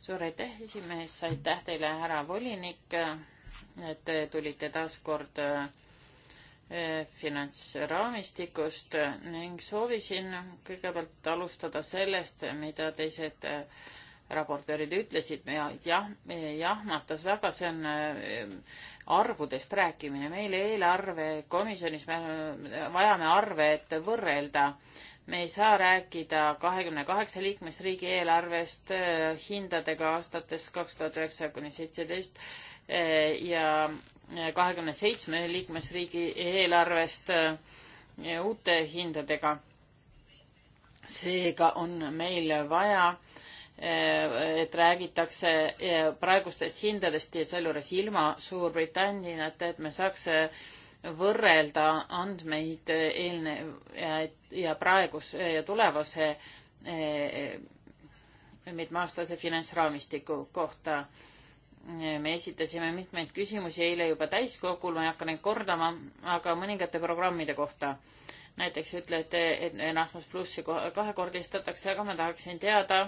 suur aitäh, esimees, aitäh teile, härra volinik et te tulite taas kord äh, finantsraamistikust ning soovisin kõigepealt alustada sellest, mida teised äh, raportöörid ütlesid ja jah, jahmatas väga, see on äh, arvudest rääkimine. meil eelarvekomisjonis me vajame arve, et võrrelda. me ei saa rääkida kahekümne kaheksa liikmesriigi eelarvest hindadega aastates kaks tuhat üheksa kuni seitseteist Eh, ja eh, kahekümne seitsme liikmesriigi eelarvest eh, uute hindadega. seega on meil vaja, et räägitakse praegustest hindadest ja sealjuures ilma Suurbritanniata, et me saaks võrrelda andmeid eelne- ja, ja praeguse ja tulevase mitmeaastase finantsraamistiku kohta me esitasime mitmeid küsimusi eile juba täiskogul, ma ei hakka neid kordama, aga mõningate programmide kohta. näiteks ütlete, et Erasmus plussi kahekordistatakse, aga ma tahaksin teada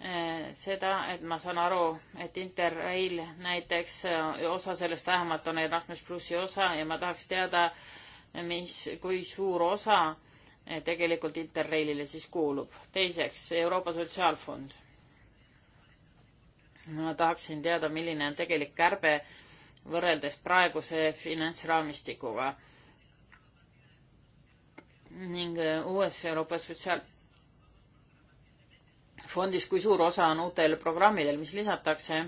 eh, seda, et ma saan aru, et Interrail näiteks, eh, osa sellest vähemalt on Erasmus plussi osa ja ma tahaks teada, mis, kui suur osa eh, tegelikult Interrailile siis kuulub. teiseks, Euroopa Sotsiaalfond ma tahaksin teada, milline on tegelik kärbe võrreldes praeguse finantsraamistikuga ning äh, uues Euroopa Sotsiaalfondis, kui suur osa on uutel programmidel, mis lisatakse,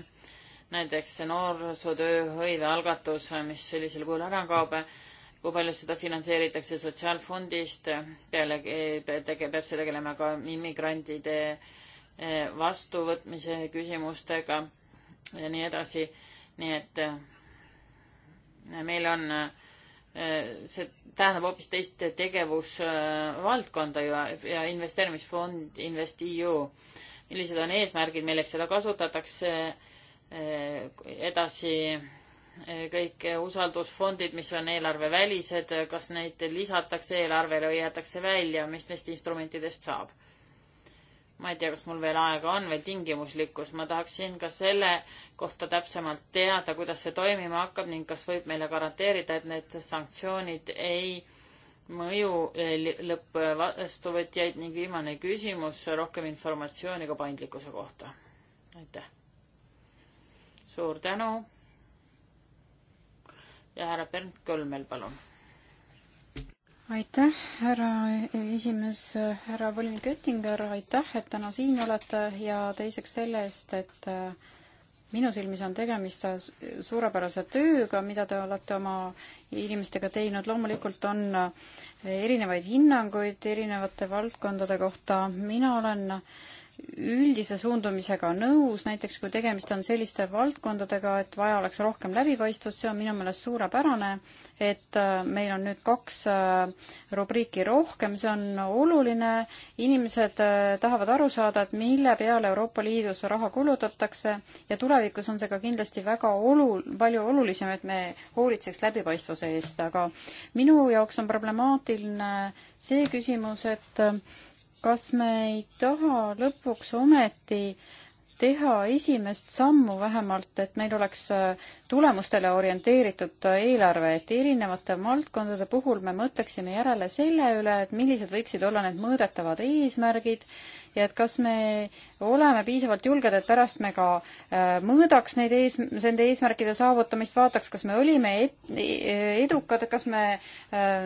näiteks noorsootööhõive algatus, mis sellisel kujul ära kaob, kui palju seda finantseeritakse Sotsiaalfondist, peale, peab see tegelema ka immigrantide äh, vastuvõtmise küsimustega ja nii edasi. nii et äh, meil on, äh, see tähendab hoopis teist tegevusvaldkonda ja, ja investeerimisfond InvestEU. millised on eesmärgid, milleks seda kasutatakse äh, edasi kõik usaldusfondid, mis on eelarvevälised, kas neid lisatakse eelarvele või jäetakse välja, mis neist instrumentidest saab? ma ei tea, kas mul veel aega on, veel tingimuslikkus, ma tahaksin ka selle kohta täpsemalt teada, kuidas see toimima hakkab ning kas võib meile garanteerida, et need sanktsioonid ei mõju lõppvastuvõtjaid ning viimane küsimus, rohkem informatsiooni ka paindlikkuse kohta. aitäh. suur tänu. ja härra Bernt Kölmel, palun aitäh, härra esimees, härra volinik Oettinger, aitäh, et täna siin olete ja teiseks selle eest, et äh, minu silmis on tegemist suurepärase tööga, mida te olete oma inimestega teinud. loomulikult on äh, erinevaid hinnanguid erinevate valdkondade kohta. mina olen äh, üldise suundumisega nõus, näiteks kui tegemist on selliste valdkondadega, et vaja oleks rohkem läbipaistvust, see on minu meelest suurepärane, et äh, meil on nüüd kaks äh, rubriiki rohkem, see on oluline, inimesed äh, tahavad aru saada, et mille peale Euroopa Liidus raha kulutatakse ja tulevikus on see ka kindlasti väga olu-, palju olulisem, et me hoolitseks läbipaistvuse eest, aga minu jaoks on problemaatiline see küsimus, et kas me ei taha lõpuks ometi äh, teha esimest sammu vähemalt, et meil oleks äh, tulemustele orienteeritud äh, eelarve, et erinevate valdkondade puhul me mõtleksime järele selle üle, et millised võiksid olla need mõõdetavad eesmärgid ja et kas me oleme piisavalt julged, et pärast me ka äh, mõõdaks neid ees, nende eesmärkide saavutamist, vaataks, kas me olime e-, e-, et, edukad, kas me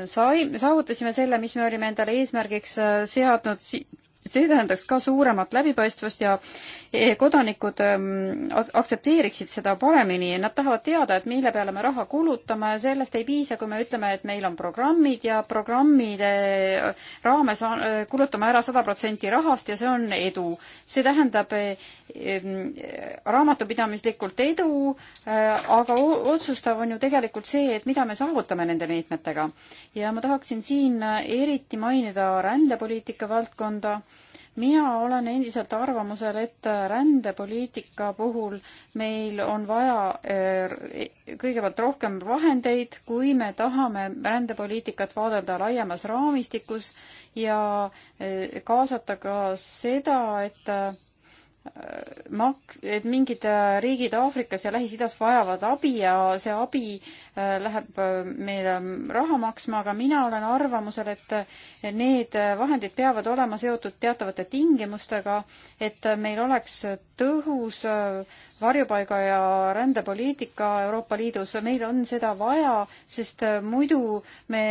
sai, saavutasime selle, mis me olime endale eesmärgiks seadnud see tähendaks ka suuremat läbipaistvust ja kodanikud ähm, aktsepteeriksid seda paremini. Nad tahavad teada, et mille peale me raha kulutame, sellest ei piisa, kui me ütleme, et meil on programmid ja programmide raames äh, kulutame ära sada protsenti rahast ja see on edu. see tähendab äh, ähm, raamatupidamislikult edu, äh, aga otsustav on ju tegelikult see, et mida me saavutame nende meetmetega. ja ma tahaksin siin eriti mainida rändepoliitika valdkonda mina olen endiselt arvamusel, et rändepoliitika puhul meil on vaja eh, kõigepealt rohkem vahendeid, kui me tahame rändepoliitikat vaadelda laiemas raamistikus ja eh, kaasata ka seda, et eh, maks, et mingid riigid Aafrikas ja Lähis-Idas vajavad abi ja see abi Äh, läheb äh, meile raha maksma, aga mina olen arvamusel, et need vahendid peavad olema seotud teatavate tingimustega, et meil oleks tõhus äh, varjupaiga ja rändepoliitika Euroopa Liidus, meil on seda vaja, sest muidu me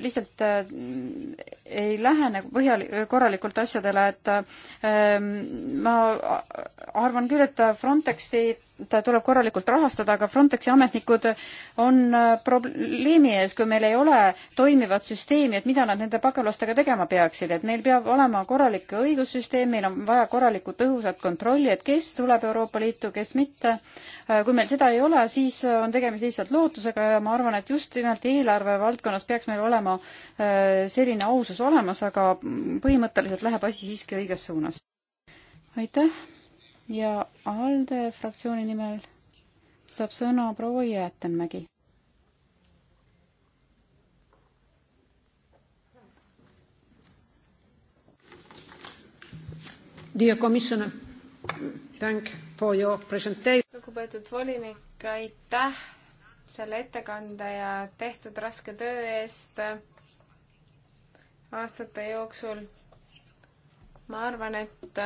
lihtsalt ei lähene põhjal-, korralikult asjadele, et ma arvan küll, et Frontexit ta tuleb korralikult rahastada, aga Frontexi ametnikud on äh, probleemi ees, kui meil ei ole toimivat süsteemi, et mida nad nende pagulastega tegema peaksid, et meil peab olema korralik õigussüsteem, meil on vaja korralikku tõhusat kontrolli, et kes tuleb Euroopa Liitu, kes mitte. Äh, kui meil seda ei ole, siis äh, on tegemist lihtsalt lootusega ja ma arvan, et just nimelt eelarve valdkonnas peaks meil olema selline ausus olemas, aga põhimõtteliselt läheb asi siiski õiges suunas. aitäh ja ALDE fraktsiooni nimel saab sõna proua Jäätenmägi. Dear Commissioner, thank for your presentation. lugupeetud volinik, aitäh selle ettekande ja tehtud raske töö eest aastate jooksul. ma arvan, et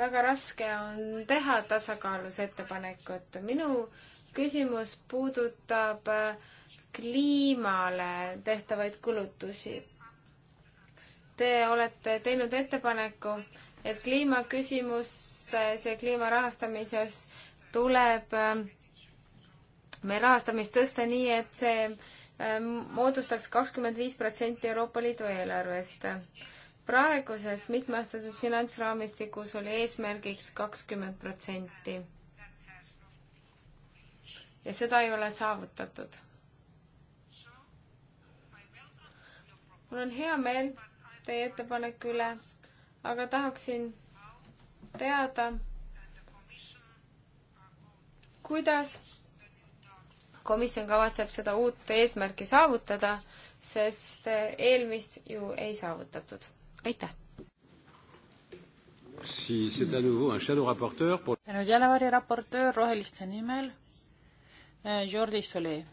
väga raske on teha tasakaalus ettepanekut. minu küsimus puudutab äh, kliimale tehtavaid kulutusi. Te olete teinud ettepaneku, et kliimaküsimustes ja kliima rahastamises tuleb äh, meie rahastamist tõsta nii, et see äh, moodustaks kakskümmend viis protsenti Euroopa Liidu eelarvest praeguses mitmeaastases finantsraamistikus oli eesmärgiks kakskümmend protsenti. ja seda ei ole saavutatud. mul on hea meel teie ettepaneku üle, aga tahaksin teada, kuidas komisjon kavatseb seda uut eesmärki saavutada, sest eelmist ju ei saavutatud aitäh! Si c'est à nouveau un shadow rapporteur pour... ja nüüd jälle variraportöör Roheliste nimel, eh, Jordi Solee.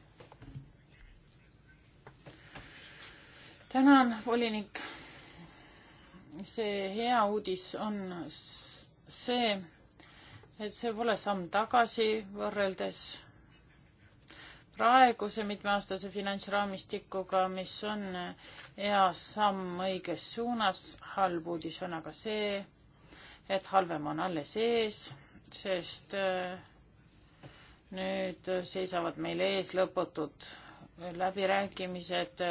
tänan, volinik. see hea uudis on see, et see pole samm tagasi võrreldes praeguse mitmeaastase finantsraamistikuga, mis on hea samm õiges suunas, halb uudis on aga see, et halvem on alles ees, sest äh, nüüd seisavad meil ees lõputud läbirääkimised,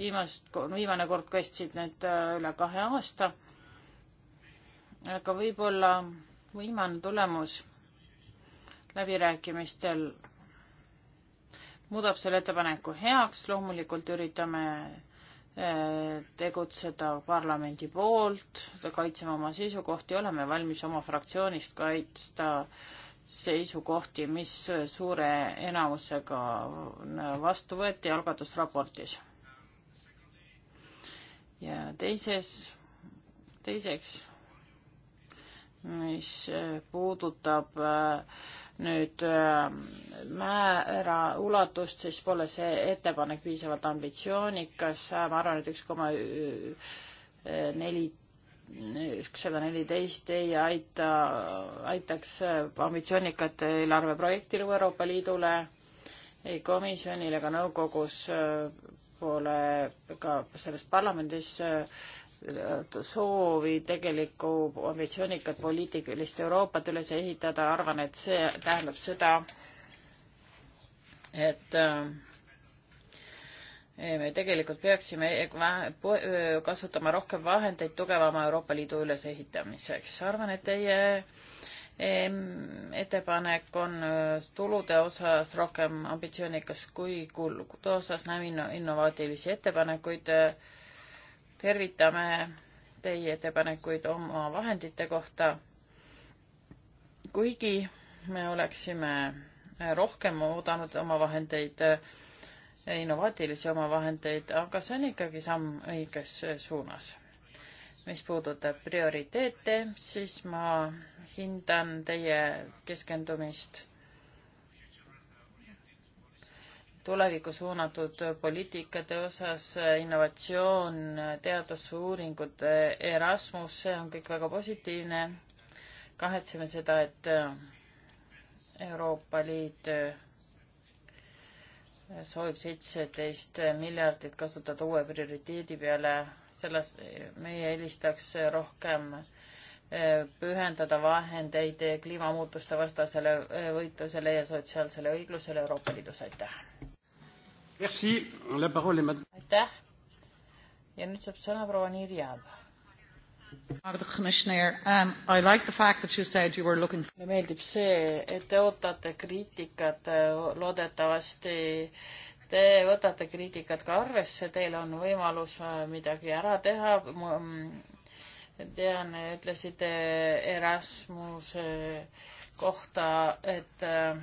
viimast, viimane kord kestsid need äh, üle kahe aasta, aga võib-olla viimane tulemus läbirääkimistel muudab selle ettepaneku heaks, loomulikult üritame äh, tegutseda parlamendi poolt, kaitsema oma seisukohti, oleme valmis oma fraktsioonist kaitsta seisukohti, mis suure enamusega vastu võeti algatusraportis. ja teises, teiseks, mis puudutab äh, nüüd ähm, määra ulatust, siis pole see ettepanek piisavalt ambitsioonikas, äh, ma arvan, et üks koma äh, neli ükssada neliteist ei aita, aitaks äh, ambitsioonikat eelarveprojekti luua Euroopa Liidule, ei komisjonil ega nõukogus pole ka selles parlamendis soovi tegelikku ambitsioonikat poliitilist Euroopat üles ehitada, arvan, et see tähendab seda, et äh, me tegelikult peaksime kasutama rohkem vahendeid tugevama Euroopa Liidu ülesehitamiseks. arvan, et teie ettepanek on tulude osas rohkem ambitsioonikas kui kulude osas, näeme innovaatilisi ettepanekuid et tervitame teie ettepanekuid oma vahendite kohta. kuigi me oleksime rohkem oodanud oma vahendeid, innovaatilisi oma vahendeid, aga see on ikkagi samm õiges suunas. mis puudutab prioriteete, siis ma hindan teie keskendumist tulevikku suunatud poliitikate osas, innovatsioon, teadusuuringud, Erasmus, see on kõik väga positiivne. kahetseme seda, et äh, Euroopa Liit äh, soovib seitseteist miljardit kasutada uue prioriteedi peale, selles meie eelistaks rohkem äh, pühendada vahendeid kliimamuutuste vastasele võitlusele ja sotsiaalsele õiglusele Euroopa Liidus, aitäh! aitäh ja nüüd saab sõna proua Niiri Aab. Um, mulle meeldib see, et te ootate kriitikat, äh, loodetavasti te võtate kriitikat ka arvesse, teil on võimalus äh, midagi ära teha. Mm, tean, ütlesite Erasmuse kohta, et äh,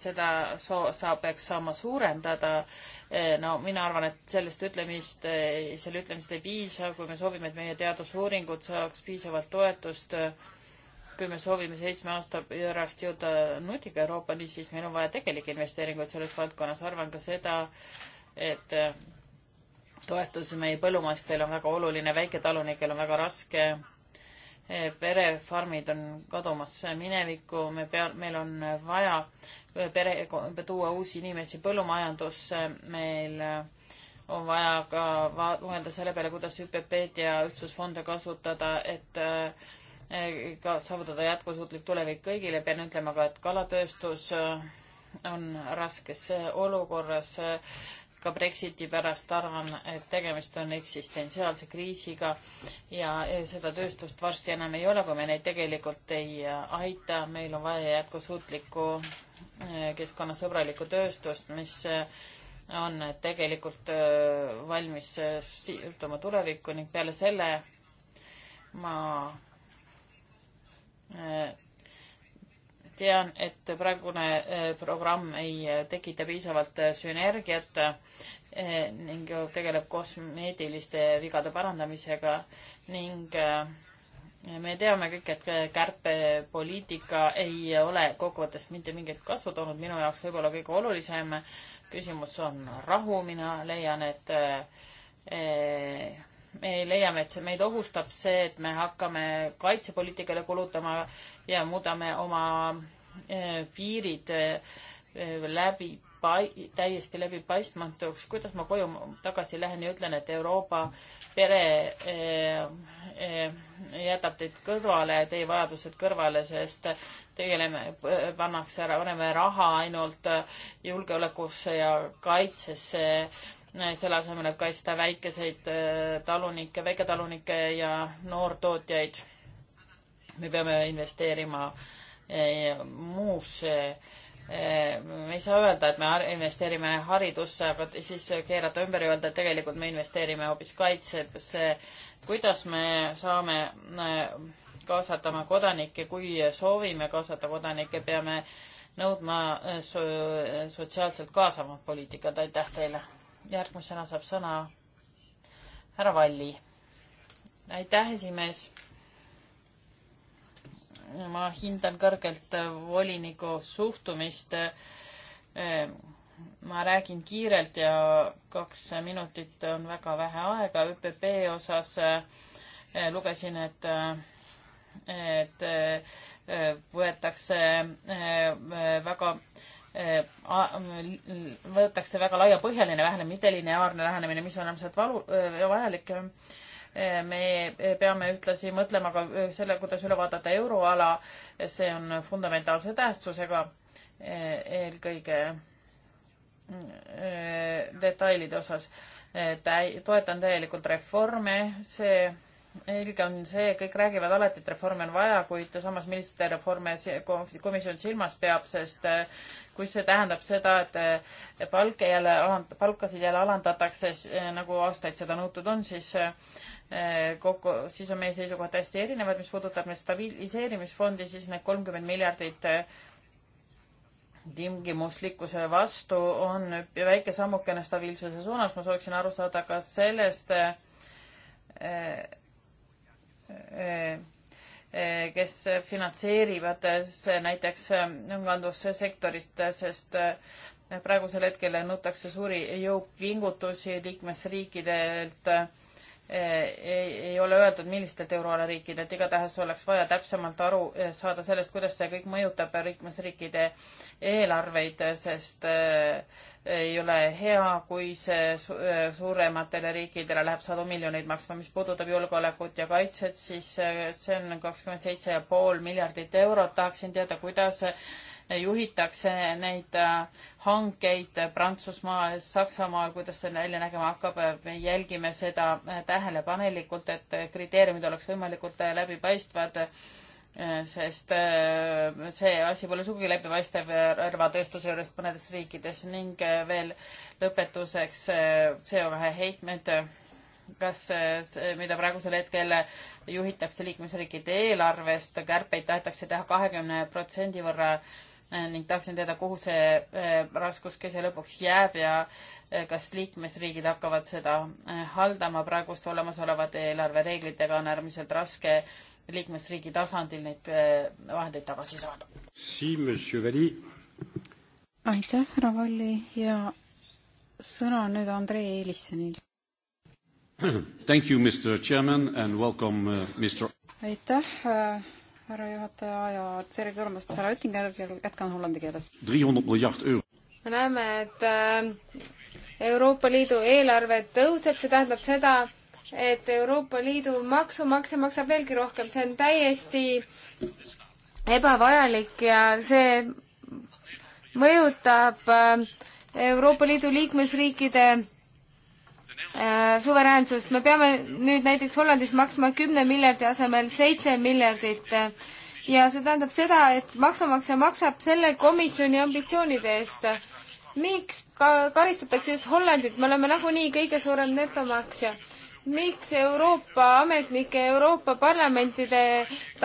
seda soo-, saab, peaks saama suurendada. no mina arvan, et sellest ütlemist, selle ütlemist ei piisa, kui me soovime, et meie teadusuuringud saaks piisavalt toetust. kui me soovime seitsme aasta pärast jõuda nutika Euroopani, siis meil on vaja tegelikke investeeringuid selles valdkonnas. arvan ka seda, et toetus meie põllumaistel on väga oluline, väiketalunikel on väga raske Eh, perefarmid on kadumas minevikku, me pea-, meil on vaja eh, pere, tuua uusi inimesi põllumajandusse, meil eh, on vaja ka va-, mõelda selle peale, kuidas ÜPP-d ja ühtsusfonde kasutada, et ka saavutada jätkusuutlik tulevik kõigile, pean ütlema ka, et kalatööstus on raskes olukorras ka Brexiti pärast arvan, et tegemist on eksistentsiaalse kriisiga ja seda tööstust varsti enam ei ole, kui me neid tegelikult ei aita. meil on vaja jätkusuutlikku äh, keskkonnasõbralikku tööstust, mis äh, on tegelikult äh, valmis siirduma tulevikku ning peale selle ma tean, et praegune eh, programm ei eh, tekita piisavalt eh, sünergiat ning tegeleb kosmeetiliste vigade parandamisega ning me teame kõik, et kärpepoliitika ei ole kokkuvõttes mitte mingit kasu toonud, minu jaoks võib-olla kõige olulisem küsimus on rahu, mina leian, et me leiame, et see meid ohustab see, et me hakkame kaitsepoliitikale kulutama ja muudame oma eh, piirid eh, läbi, täiesti läbipaistmatuks, kuidas ma koju tagasi lähen ja ütlen, et Euroopa pere eh, jätab teid kõrvale, teie vajadused kõrvale, sest tegeleme, pannakse ära, paneme raha ainult julgeolekusse ja kaitsesse selle asemel, et kaitsta väikeseid äh, talunikke, väiketalunikke ja noortootjaid. me peame investeerima äh, muusse. Äh, me ei saa öelda, et me investeerime haridusse, aga siis keerata ümber ja öelda, et tegelikult me investeerime hoopis kaitsesse. kuidas me saame kaasata oma kodanikke, kui soovime kaasata kodanikke, peame nõudma so sotsiaalselt kaasavat poliitikat. aitäh teile! järgmisena saab sõna härra Valli. aitäh, esimees. ma hindan kõrgelt voliniku suhtumist. ma räägin kiirelt ja kaks minutit on väga vähe aega. ÜPP osas eh, lugesin, et eh, et eh, võetakse väga Äh, võetakse väga laiapõhjaline lähenemine, mitte lineaarne lähenemine, mis on äärmiselt valu, äh, vajalik. Äh, me peame ühtlasi mõtlema ka selle, kuidas üle vaadata euroala, see on fundamentaalse tähtsusega eelkõige detailide osas. toetan täielikult reforme, see eelkõige on see, kõik räägivad alati, et reforme on vaja, kuid samas, milliste reforme komisjon silmas peab, sest äh, kui see tähendab seda, et äh, palk jälle, palkasid jälle alandatakse, äh, nagu aastaid seda nõutud on, siis kokku, siis on meie seisukohad hästi erinevad, mis puudutab nüüd stabiliseerimisfondi, siis need kolmkümmend miljardit tingimuslikkuse vastu on väike sammukene stabiilsuse suunas, ma sooviksin aru saada, kas sellest Eh, eh, kes finantseerivad näiteks eh, nõuandlussektorist, sest praegusel hetkel nõutakse suuri jõupingutusi liikmesriikidelt Eh, ei, ei ole öeldud, millistelt euroala riikidelt, igatahes oleks vaja täpsemalt aru eh, saada sellest, kuidas see kõik mõjutab liikmesriikide eelarveid, sest eh, ei ole hea, kui see suurematele riikidele läheb sadu miljoneid maksma. mis puudutab julgeolekut ja kaitset, siis see on kakskümmend seitse ja pool miljardit eurot. tahaksin teada, kuidas juhitakse neid äh, hankeid Prantsusmaal, Saksamaal, kuidas see välja nägema hakkab, äh, me jälgime seda äh, tähelepanelikult, et kriteeriumid oleks võimalikult läbipaistvad, sest see asi pole sugugi läbipaistev relvatööstuse juures mõnedes riikides ning veel lõpetuseks CO2 heitmed kas mida praegusel hetkel juhitakse liikmesriikide eelarvest, kärpeid tahetakse teha kahekümne protsendi võrra Äh, ning tahaksin teada, kuhu see äh, raskuskese lõpuks jääb ja äh, kas liikmesriigid hakkavad seda haldama. praegust olemasolevate eelarvereeglitega on äärmiselt raske liikmesriigi tasandil neid vahendeid tagasi saada. aitäh, härra Valli ja sõna on nüüd Andrei Elissonil. Thank you, Mr Chairman and welcome uh,, Mr. aitäh uh härra juhataja ja tere tulemast, härra Oettinger, jätkan hollandi keeles. me näeme, et äh, Euroopa Liidu eelarve tõuseb, see tähendab seda, et Euroopa Liidu maksumaksja maksab veelgi rohkem, see on täiesti ebavajalik ja see mõjutab äh, Euroopa Liidu liikmesriikide Äh, suveräänsust, me peame nüüd näiteks Hollandis maksma kümne miljardi asemel seitse miljardit ja see tähendab seda, et maksumaksja maksab selle komisjoni ambitsioonide eest. miks ka karistatakse just Hollandit, me oleme nagunii kõige suurem netomaksja miks Euroopa ametnike, Euroopa parlamentide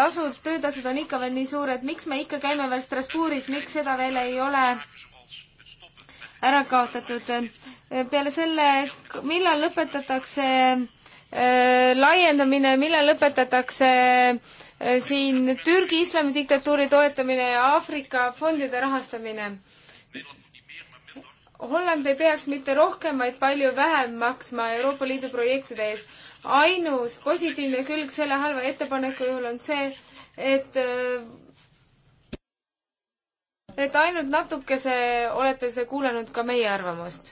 tasud, töötasud on ikka veel nii suured, miks me ikka käime veel Strasbourgis, miks seda veel ei ole ära kaotatud. peale selle, millal lõpetatakse äh, laiendamine, millal lõpetatakse äh, siin Türgi islamidiktatuuri toetamine ja Aafrika fondide rahastamine? Holland ei peaks mitte rohkem, vaid palju vähem maksma Euroopa Liidu projektide ees. ainus positiivne külg selle halva ettepaneku juhul on see, et äh, et ainult natukese olete te kuulanud ka meie arvamust.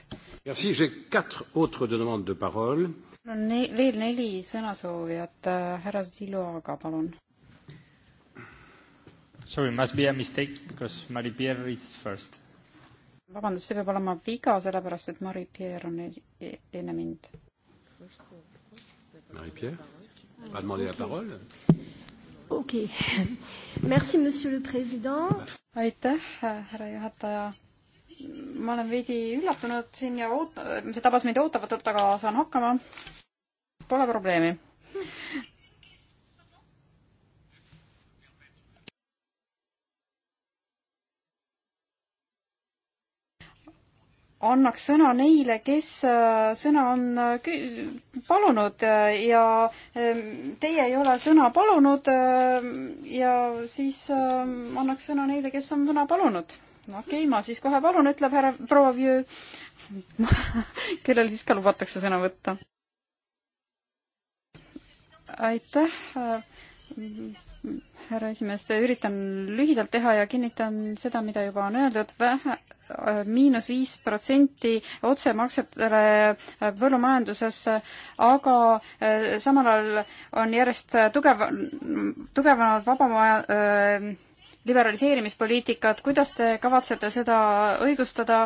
Merci, j'ai quatre autres de demandes de parole. mul on ne-, veel neli sõnasoovijat, härra Siluaga, palun. Sorry, must be a mistake because Marie-Pierre is first. vabandust, see peab olema viga, sellepärast et Marie-Pierre on e-, e-, enne mind. Marie-Pierre, va demander la parole okei okay.. Merci, monsieur le president. aitäh, härra juhataja. ma olen veidi üllatunud siin ja oot-, see tabas meid ootamatult, aga saan hakkama. Pole probleemi annaks sõna neile, kes äh, sõna on äh, palunud äh, ja ähm, teie ei ole sõna palunud ja siis ähm, annaks sõna neile, kes on sõna palunud. okei okay,, ma siis kohe palun, ütleb härra proua Vjõ, kellel siis ka lubatakse sõna võtta. aitäh härra esimees, üritan lühidalt teha ja kinnitan seda, mida juba on öeldud, vähe, äh, miinus viis protsenti otsemaksetele äh, põllumajanduses, aga äh, samal ajal on järjest tugev, tugevamad vabamaja liberaliseerimispoliitikat, kuidas te kavatsete seda õigustada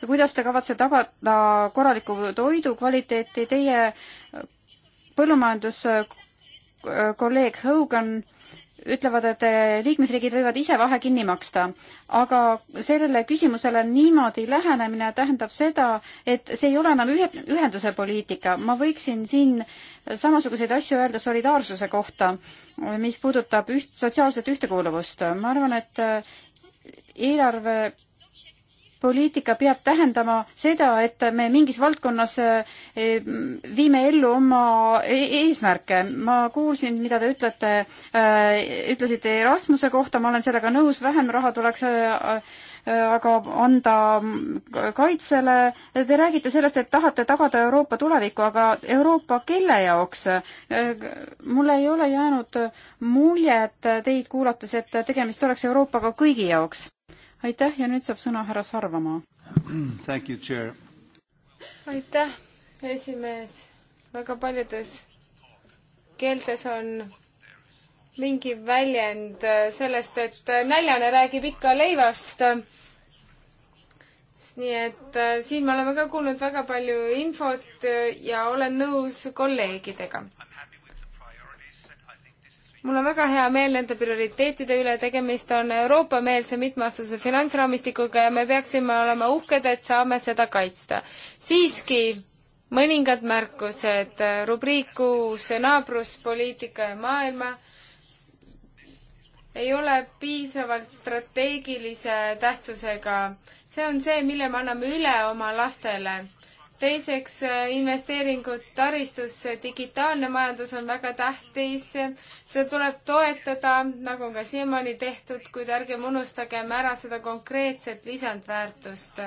ja kuidas te kavatsete tagada korraliku toidu kvaliteeti, teie põllumajandus kolleeg Hogan ütlevad, et eh, liikmesriigid võivad ise vahe kinni maksta. aga sellele küsimusele niimoodi lähenemine tähendab seda, et see ei ole enam ühe, ühenduse poliitika. ma võiksin siin samasuguseid asju öelda solidaarsuse kohta, mis puudutab üht, sotsiaalset ühtekuuluvust. ma arvan, et eh, eelarve poliitika peab tähendama seda, et me mingis valdkonnas eh, viime ellu oma e-, eesmärke. ma kuulsin, mida te ütlete, eh, ütlesite Erasmuse kohta, ma olen sellega nõus, vähem raha tuleks eh, aga anda kaitsele. Te räägite sellest, et tahate tagada Euroopa tulevikku, aga Euroopa kelle jaoks? mulle ei ole jäänud muljet teid kuulates, et tegemist oleks Euroopaga kõigi jaoks aitäh ja nüüd saab sõna härra Sarvamaa. aitäh, esimees. väga paljudes keeltes on mingi väljend sellest, et näljane räägib ikka leivast. nii et äh, siin me oleme ka kuulnud väga palju infot äh, ja olen nõus kolleegidega mul on väga hea meel nende prioriteetide üle, tegemist on Euroopa-meelse mitmeaastase finantsraamistikuga ja me peaksime olema uhked, et saame seda kaitsta. siiski mõningad märkused rubriikus naabruspoliitika ja maailma ei ole piisavalt strateegilise tähtsusega. see on see, mille me anname üle oma lastele teiseks, investeeringud taristusse, digitaalne majandus on väga tähtis, seda tuleb toetada, nagu on ka siiamaani tehtud, kuid ärgem unustagem ära seda konkreetset lisandväärtust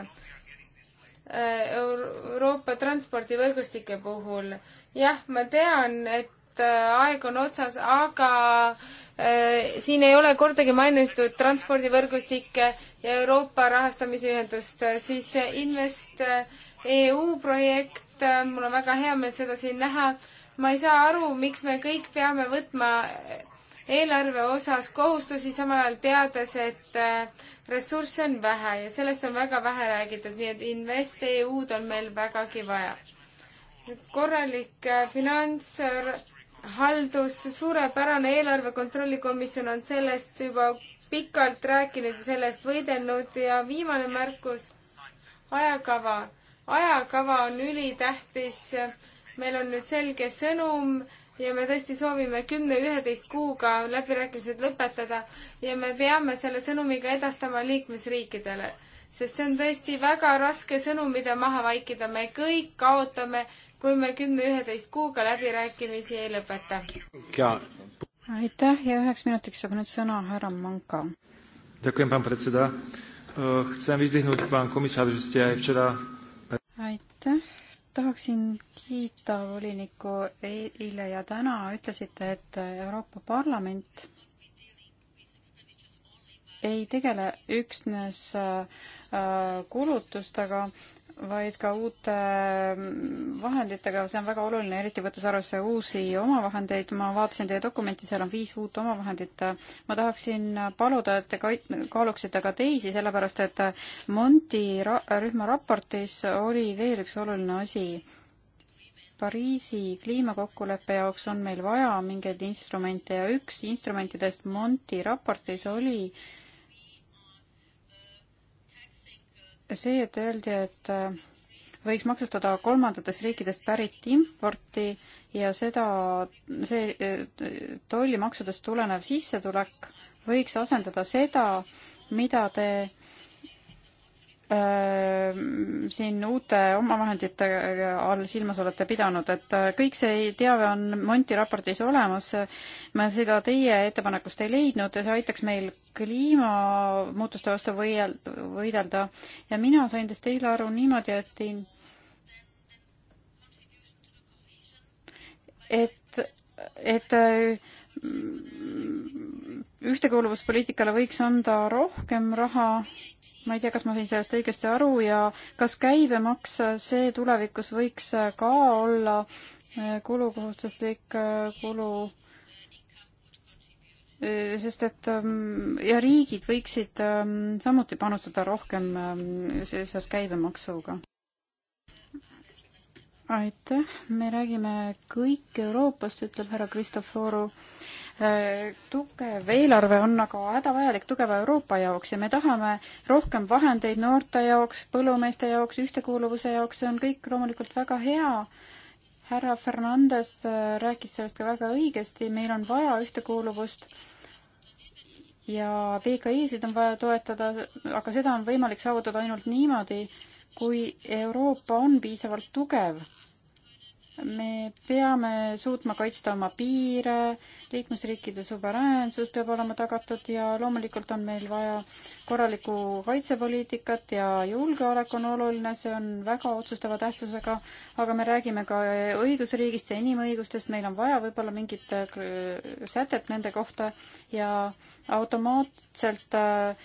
Euroopa transpordivõrgustike puhul. jah, ma tean, et äh, aeg on otsas, aga äh, siin ei ole kordagi mainitud transpordivõrgustikke ja Euroopa rahastamise ühendust, siis invest- EU projekt, mul on väga hea meel seda siin näha. ma ei saa aru, miks me kõik peame võtma eelarve osas kohustusi, samal ajal teades, et äh, ressursse on vähe ja sellest on väga vähe räägitud, nii et InvestEU-d on meil vägagi vaja. korralik äh, finants haldus, suurepärane eelarve kontrollikomisjon on sellest juba pikalt rääkinud ja selle eest võidelnud ja viimane märkus, ajakava ajakava on ülitähtis, meil on nüüd selge sõnum ja me tõesti soovime kümne, üheteist kuuga läbirääkimised lõpetada ja me peame selle sõnumiga edastama liikmesriikidele, sest see on tõesti väga raske sõnum, mida maha vaikida, me kõik kaotame, kui me kümne, üheteist kuuga läbirääkimisi ei lõpeta. aitäh ja üheks minutiks saab nüüd sõna härra Manka. Ďakujem, pán predseda. Eh, chcem vyzdvihnúť, pán komisár, že ste aj včera aitäh, tahaksin kiita volinikku eile ja täna ütlesite, et Euroopa Parlament ei tegele üksnes äh, kulutustega vaid ka uute mm, vahenditega, see on väga oluline, eriti võttes arvesse uusi omavahendeid, ma vaatasin teie dokumenti, seal on viis uut omavahendit. ma tahaksin paluda, et te kait-, kaaluksite ka teisi, sellepärast et Monti ra-, rühma raportis oli veel üks oluline asi. Pariisi kliimakokkuleppe jaoks on meil vaja mingeid instrumente ja üks instrumentidest Monti raportis oli äh, see, et öeldi, et äh, võiks maksustada kolmandatest riikidest pärit importi ja seda, see äh, tollimaksudest tulenev sissetulek võiks asendada seda, mida te siin uute omavahendite all silmas olete pidanud, et äh, kõik see teave on Monti raportis olemas. ma seda teie ettepanekust ei leidnud ja see aitaks meil kliimamuutuste vastu võiel-, võidelda. ja mina sain teist eile aru niimoodi, et et, et äh, ühtekuuluvuspoliitikale võiks anda rohkem raha, ma ei tea, kas ma sain sellest õigesti aru ja kas käibemaks, see tulevikus võiks ka olla äh, kulukohustuslik äh, kulu? Äh, sest et ähm, ja riigid võiksid ähm, samuti panustada rohkem ähm, seoses käibemaksuga. aitäh, me räägime kõik Euroopast, ütleb härra Kristoforu Äh, tugev eelarve on aga hädavajalik tugeva Euroopa jaoks ja me tahame rohkem vahendeid noorte jaoks, põllumeeste jaoks, ühtekuuluvuse jaoks, see on kõik loomulikult väga hea. härra Fernandes äh, rääkis sellest ka väga õigesti, meil on vaja ühtekuuluvust ja VKI-sid on vaja toetada, aga seda on võimalik saavutada ainult niimoodi, kui Euroopa on piisavalt tugev me peame suutma kaitsta oma piire, liikmesriikide suveräänsus peab olema tagatud ja loomulikult on meil vaja korralikku kaitsepoliitikat ja julgeolek on oluline, see on väga otsustava tähtsusega, aga me räägime ka õigusriigist ja inimõigustest, meil on vaja võib-olla mingit äh, sätet nende kohta ja automaatselt äh,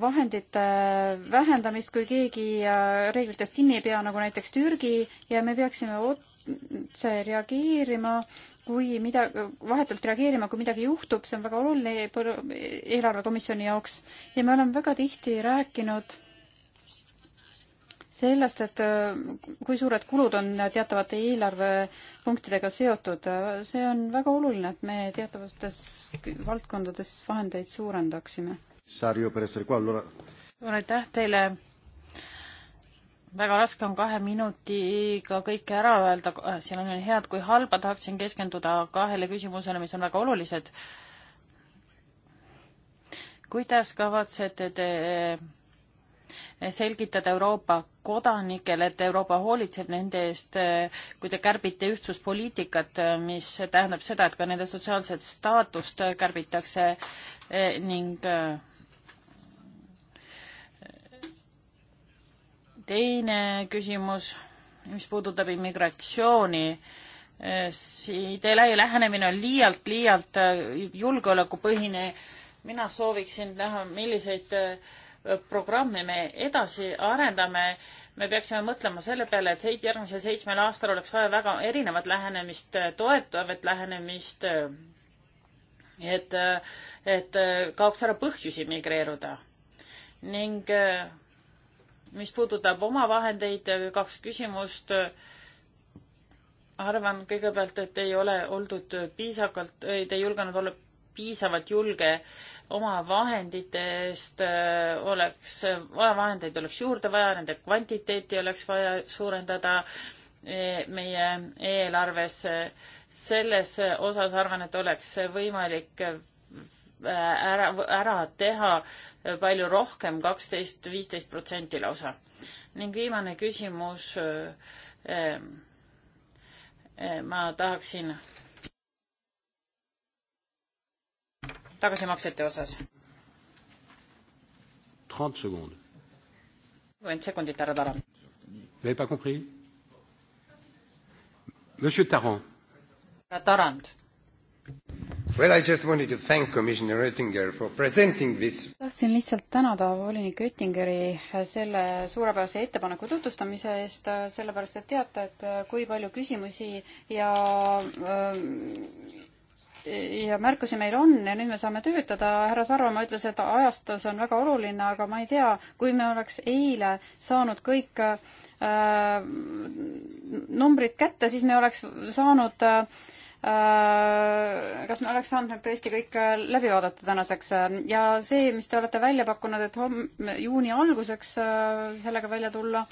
vahendite vähendamist, kui keegi äh, reeglitest kinni ei pea, nagu näiteks Türgi ja me peaksime oot-, reageerima, kui mida, vahetult reageerima, kui midagi juhtub, see on väga oluline eelarvekomisjoni jaoks ja me oleme väga tihti rääkinud sellest, et äh, kui suured kulud on teatavate eelarvepunktidega seotud, see on väga oluline, et me teatavates valdkondades vahendeid suurendaksime. suur aitäh teile väga raske on kahe minutiga kõike ära öelda, siin on nii head kui halba, tahaksin keskenduda kahele küsimusele, mis on väga olulised. kuidas kavatsete te selgitada Euroopa kodanikele, et Euroopa hoolitseb nende eest, kui te kärbite ühtsuspoliitikat, mis tähendab seda, et ka nende sotsiaalset staatust kärbitakse eh, ning eh, teine küsimus, mis puudutab immigratsiooni, eh, teie lähenemine on liialt, liialt eh, julgeolekupõhine. mina sooviksin näha, milliseid eh, programme me edasi arendame. me peaksime mõtlema selle peale, et seit-, järgmisel seitsmel aastal oleks vaja väga erinevat lähenemist, toetavat lähenemist, et, et kaoks ära põhjus immigreeruda. ning mis puudutab omavahendeid, kaks küsimust. arvan kõigepealt, et ei ole oldud piisavalt, te ei julgenud olla piisavalt julge omavahenditest oleks, omavahendeid oleks juurde vaja, nende kvantiteeti oleks vaja suurendada e, meie eelarves. selles osas arvan, et oleks võimalik ära, ära teha palju rohkem, kaksteist, viisteist protsenti lausa. ning viimane küsimus. Ehm, ehm, ma tahaksin tagasimaksete osas. kolmkümmend sekundit, härra Tarand. Vous n'avez pas compris Monsieur Tarand. Tarand. Well, I just wanted to thank Commissioner Oettinger for presenting this. tahtsin lihtsalt tänada volinik Oettingeri selle suurepärase ettepaneku tutvustamise eest, sellepärast et teate, et äh, kui palju küsimusi ja äh, ja märkusi meil on ja nüüd me saame töötada. härra Sarvamaa ütles, et ajastus on väga oluline, aga ma ei tea, kui me oleks eile saanud kõik äh, numbrid kätte, siis me oleks saanud äh, Äh, kas me oleks saanud need tõesti kõik äh, läbi vaadata tänaseks ja see, mis te olete välja pakkunud, et homme, juuni alguseks äh, sellega välja tulla,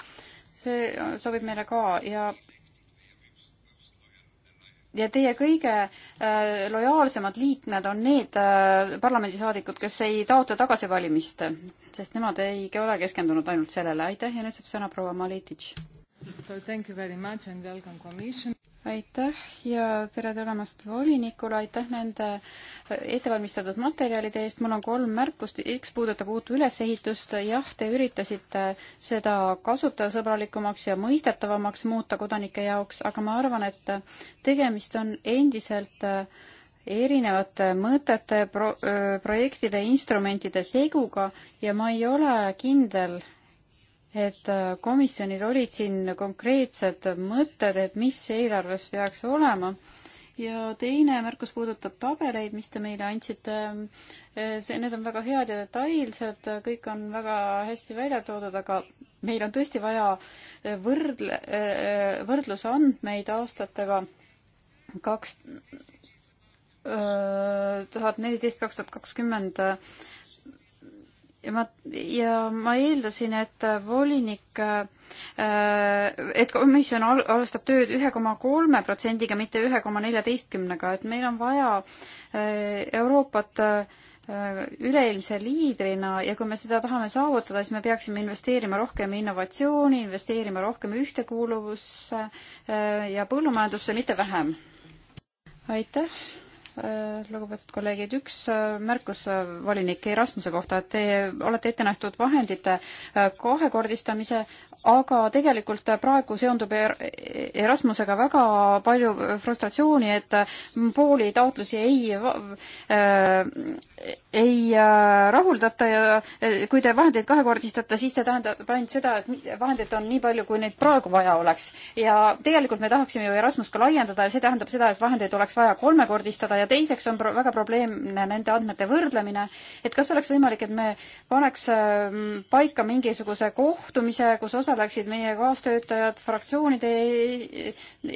see sobib meile ka ja ja teie kõige lojaalsemad liikmed on need parlamendisaadikud, kes ei taotle tagasivalimist, sest nemad ei ole keskendunud ainult sellele. aitäh ja nüüd saab sõna proua Malititš aitäh ja tere tulemast volinikule, aitäh nende ettevalmistatud materjalide eest, mul on kolm märkust, üks puudutab uut ülesehitust, jah, te üritasite seda kasutajasõbralikumaks ja mõistetavamaks muuta kodanike jaoks, aga ma arvan, et tegemist on endiselt erinevate mõtete pro, projektide, instrumentide seguga ja ma ei ole kindel, et äh, komisjonil olid siin konkreetsed mõtted, et mis eelarves peaks olema ja teine märkus puudutab tabeleid, mis te meile andsite. Äh, see, need on väga head ja detailsed, äh, kõik on väga hästi välja toodud, aga meil on tõesti vaja võrdle, võrdlusandmeid aastatega kaks tuhat neliteist, kaks tuhat kakskümmend ja ma, ja ma eeldasin, et volinik, äh, et komisjon alustab tööd ühe koma kolme protsendiga, mitte ühe koma neljateistkümnega, et meil on vaja äh, Euroopat äh, üleilmse liidrina ja kui me seda tahame saavutada, siis me peaksime investeerima rohkem innovatsiooni, investeerima rohkem ühtekuuluvusse ja põllumajandusse, mitte vähem. aitäh Äh, lugupeetud kolleegid, üks äh, märkus äh, volinik Erasmuse kohta, et te olete ette nähtud vahendite kahekordistamise, aga tegelikult praegu seondub er-, Erasmusega väga palju frustratsiooni, et pooli taotlusi ei, ei rahuldata ja kui te vahendeid kahekordistate, siis see tähendab ainult seda, et vahendeid on nii palju, kui neid praegu vaja oleks. ja tegelikult me tahaksime ju Erasmust ka laiendada ja see tähendab seda, et vahendeid oleks vaja kolmekordistada ja teiseks on pro väga probleemne nende andmete võrdlemine, et kas oleks võimalik, et me paneks ähm, paika mingisuguse kohtumise, kus osaleksid meie kaastöötajad, fraktsioonide e-,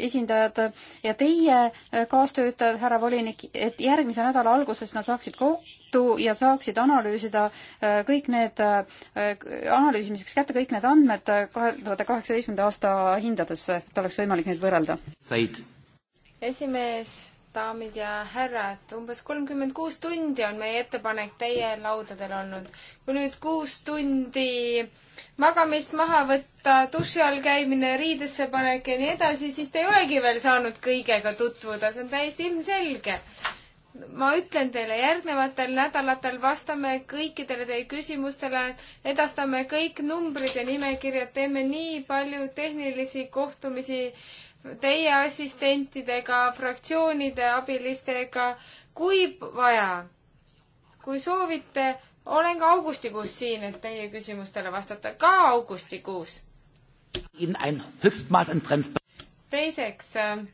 esindajad ja teie äh, kaastöötajad, härra volinik, et järgmise nädala alguses nad saaksid kokku ja saaksid analüüsida äh, kõik need, äh, analüüsimiseks kätte kõik need andmed kahe tuhande kaheksateistkümnenda aasta hindadesse, et oleks võimalik neid võrrelda? said. esimees daamid ja härrad, umbes kolmkümmend kuus tundi on meie ettepanek teie laudadel olnud. kui nüüd kuus tundi magamist maha võtta, duši all käimine, riidesse panek ja nii edasi, siis te ei olegi veel saanud kõigega tutvuda, see on täiesti ilmselge. ma ütlen teile, järgnevatel nädalatel vastame kõikidele teie küsimustele, edastame kõik numbrid ja nimekirjad, teeme nii palju tehnilisi kohtumisi teie assistentidega, fraktsioonide abilistega, kui vaja. kui soovite, olen ka augustikuus siin, et teie küsimustele vastata, ka augustikuus. teiseks, äh,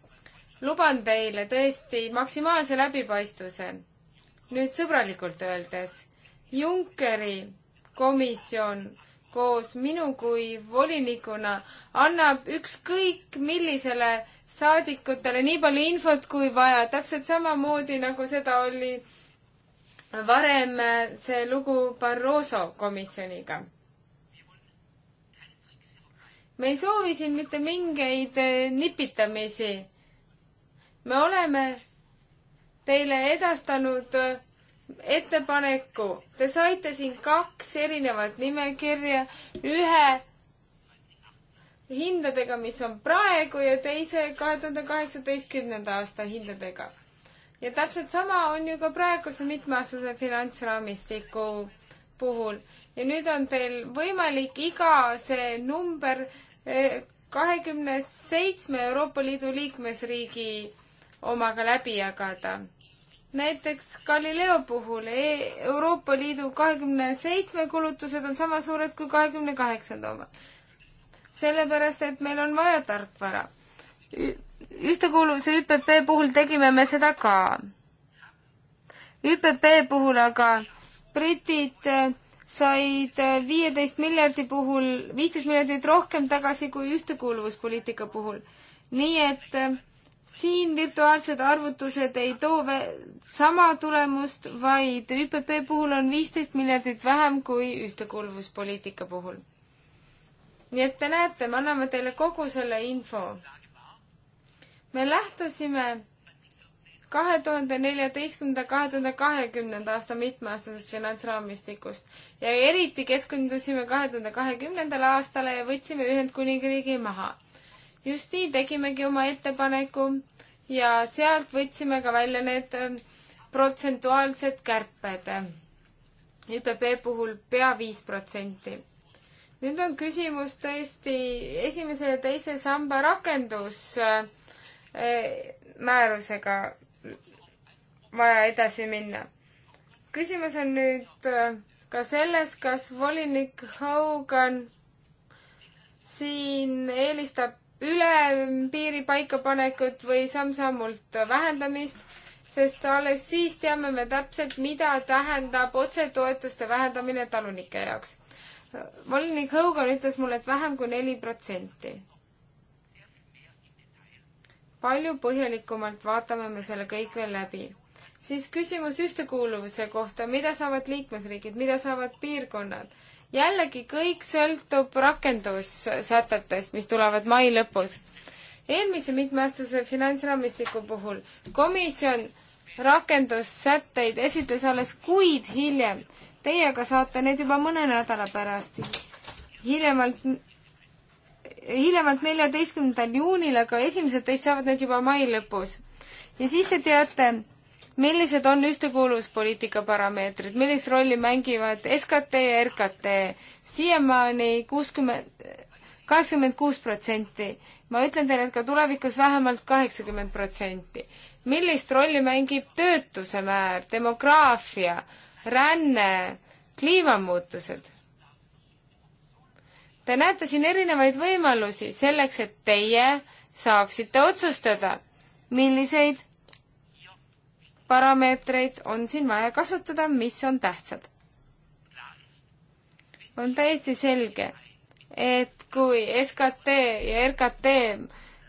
luban teile tõesti maksimaalse läbipaistvuse. nüüd sõbralikult öeldes, Junckeri komisjon koos minu kui volinikuna annab ükskõik millisele saadikutele nii palju infot kui vaja, täpselt samamoodi nagu seda oli varem see lugu Barroso komisjoniga. me ei soovi siin mitte mingeid eh, nipitamisi. me oleme teile edastanud eh, ettepaneku. Te saite siin kaks erinevat nimekirja, ühe hindadega, mis on praegu ja teise kahe tuhande kaheksateistkümnenda aasta hindadega. ja täpselt sama on ju ka praeguse mitmeaastase finantsraamistiku puhul. ja nüüd on teil võimalik iga see number eh, kahekümne seitsme Euroopa Liidu liikmesriigi omaga läbi jagada näiteks Galileo puhul e- Euroopa Liidu kahekümne seitsme kulutused on sama suured kui kahekümne kaheksanda omad. sellepärast, et meil on vaja tarkvara. ühtekuuluvuse ÜPP puhul tegime me seda ka. ÜPP puhul aga britid äh, said äh, viieteist miljardi puhul, viisteist miljardit rohkem tagasi kui ühtekuuluvuspoliitika puhul. nii et äh, siin virtuaalsed arvutused ei too sama tulemust, vaid ÜPP puhul on viisteist miljardit vähem kui ühtekuuluvuspoliitika puhul. nii et te näete, me anname teile kogu selle info. me lähtusime kahe tuhande neljateistkümnenda, kahe tuhande kahekümnenda aasta mitmeaastasest finantsraamistikust ja eriti keskendusime kahe tuhande kahekümnendale aastale ja võtsime Ühendkuningriigi maha just nii tegimegi oma ettepaneku ja sealt võtsime ka välja need ähm, protsentuaalsed kärped. ÜPP puhul pea viis protsenti. nüüd on küsimus tõesti esimese ja teise samba rakendusmäärusega äh, vaja edasi minna. küsimus on nüüd äh, ka selles, kas volinik Hogan siin eelistab ülempiiri paikapanekut või samm-sammult vähendamist, sest alles siis teame me täpselt, mida tähendab otsetoetuste vähendamine talunike jaoks. volinik Hogan ütles mulle, et vähem kui neli protsenti. palju põhjalikumalt vaatame me selle kõik veel läbi. siis küsimus ühtekuuluvuse kohta, mida saavad liikmesriigid, mida saavad piirkonnad jällegi kõik sõltub rakendussätetest, mis tulevad mai lõpus. eelmise mitmeaastase finantsraamistiku puhul komisjon rakendussätteid esitles alles kuid hiljem. Teie aga saate need juba mõne nädala pärast. hiljemalt, hiljemalt neljateistkümnendal juunil, aga esimesed teist saavad need juba mai lõpus. ja siis te teate, millised on ühtekuuluvuspoliitika parameetrid, millist rolli mängivad SKT ja RKT? siiamaani kuuskümmend, kaheksakümmend kuus protsenti. ma ütlen teile, et ka tulevikus vähemalt kaheksakümmend protsenti. millist rolli mängib töötuse määr, demograafia, ränne, kliimamuutused? Te näete siin erinevaid võimalusi selleks, et teie saaksite otsustada, milliseid parameetreid on siin vaja kasutada, mis on tähtsad. on täiesti selge, et kui SKT ja RKT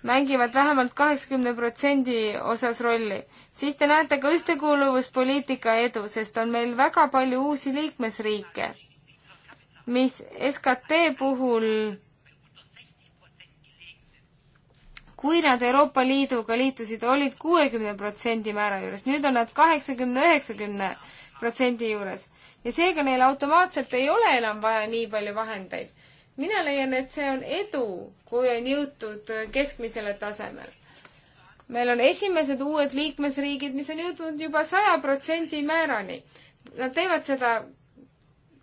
mängivad vähemalt kaheksakümne protsendi osas rolli, siis te näete ka ühtekuuluvuspoliitika edu, sest on meil väga palju uusi liikmesriike, mis SKT puhul kui nad Euroopa Liiduga liitusid, olid kuuekümne protsendi määra juures, nüüd on nad kaheksakümne, üheksakümne protsendi juures. ja seega neil automaatselt ei ole enam vaja nii palju vahendeid. mina leian, et see on edu, kui on jõutud keskmisele tasemele meil on esimesed uued liikmesriigid, mis on jõudnud juba saja protsendi määrani. Nad teevad seda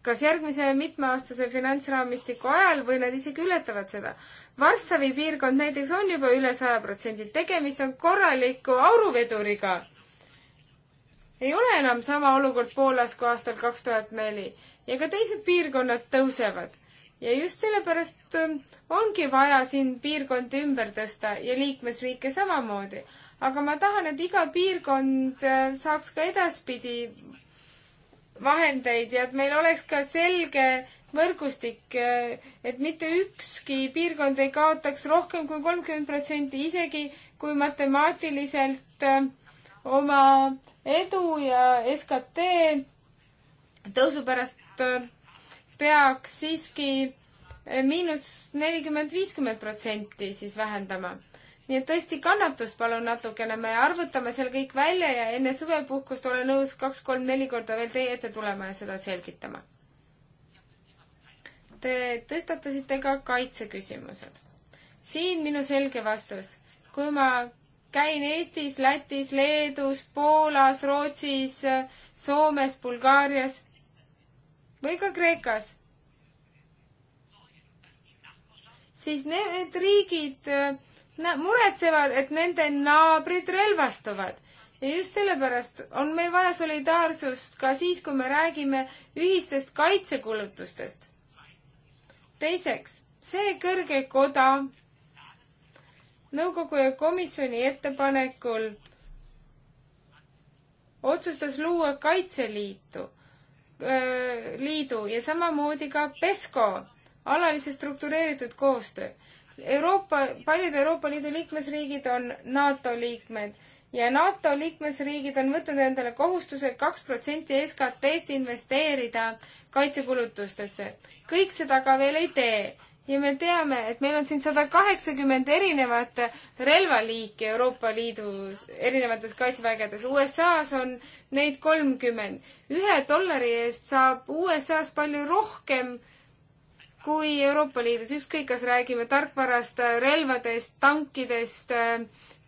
kas järgmise mitmeaastase finantsraamistiku ajal või nad isegi ületavad seda. Varssavi piirkond näiteks on juba üle saja protsendi, tegemist on korraliku auruveduriga. ei ole enam sama olukord Poolas kui aastal kaks tuhat neli ja ka teised piirkonnad tõusevad. ja just sellepärast ähm, ongi vaja siin piirkondi ümber tõsta ja liikmesriike samamoodi. aga ma tahan, et iga piirkond äh, saaks ka edaspidi vahendeid ja et meil oleks ka selge võrgustik, et mitte ükski piirkond ei kaotaks rohkem kui kolmkümmend protsenti, isegi kui matemaatiliselt äh, oma edu ja SKT tõusu pärast äh, peaks siiski äh, miinus nelikümmend, viiskümmend protsenti siis vähendama nii et tõesti kannatust palun natukene, me arvutame selle kõik välja ja enne suvepuhkust olen nõus kaks-kolm-neli korda veel teie ette tulema ja seda selgitama. Te tõstatasite ka kaitseküsimused. siin minu selge vastus. kui ma käin Eestis, Lätis, Leedus, Poolas, Rootsis, Soomes, Bulgaarias või ka Kreekas, siis need riigid nad muretsevad, et nende naabrid relvastuvad. ja just sellepärast on meil vaja solidaarsust ka siis, kui me räägime ühistest kaitsekulutustest. teiseks, see kõrge koda nõukogu ja komisjoni ettepanekul otsustas luua Kaitseliitu, liidu ja samamoodi ka PESCO, alalise struktureeritud koostöö. Euroopa, paljud Euroopa Liidu liikmesriigid on NATO liikmed ja NATO liikmesriigid on võtnud endale kohustuse kaks protsenti SKT-st investeerida kaitsekulutustesse. kõik seda ka veel ei tee ja me teame, et meil on siin sada kaheksakümmend erinevat relvaliiki Euroopa Liidus, erinevates kaitsevägedes. USA-s on neid kolmkümmend. ühe dollari eest saab USA-s palju rohkem äh, kui Euroopa Liidus, ükskõik kas räägime tarkvarast, relvadest, tankidest,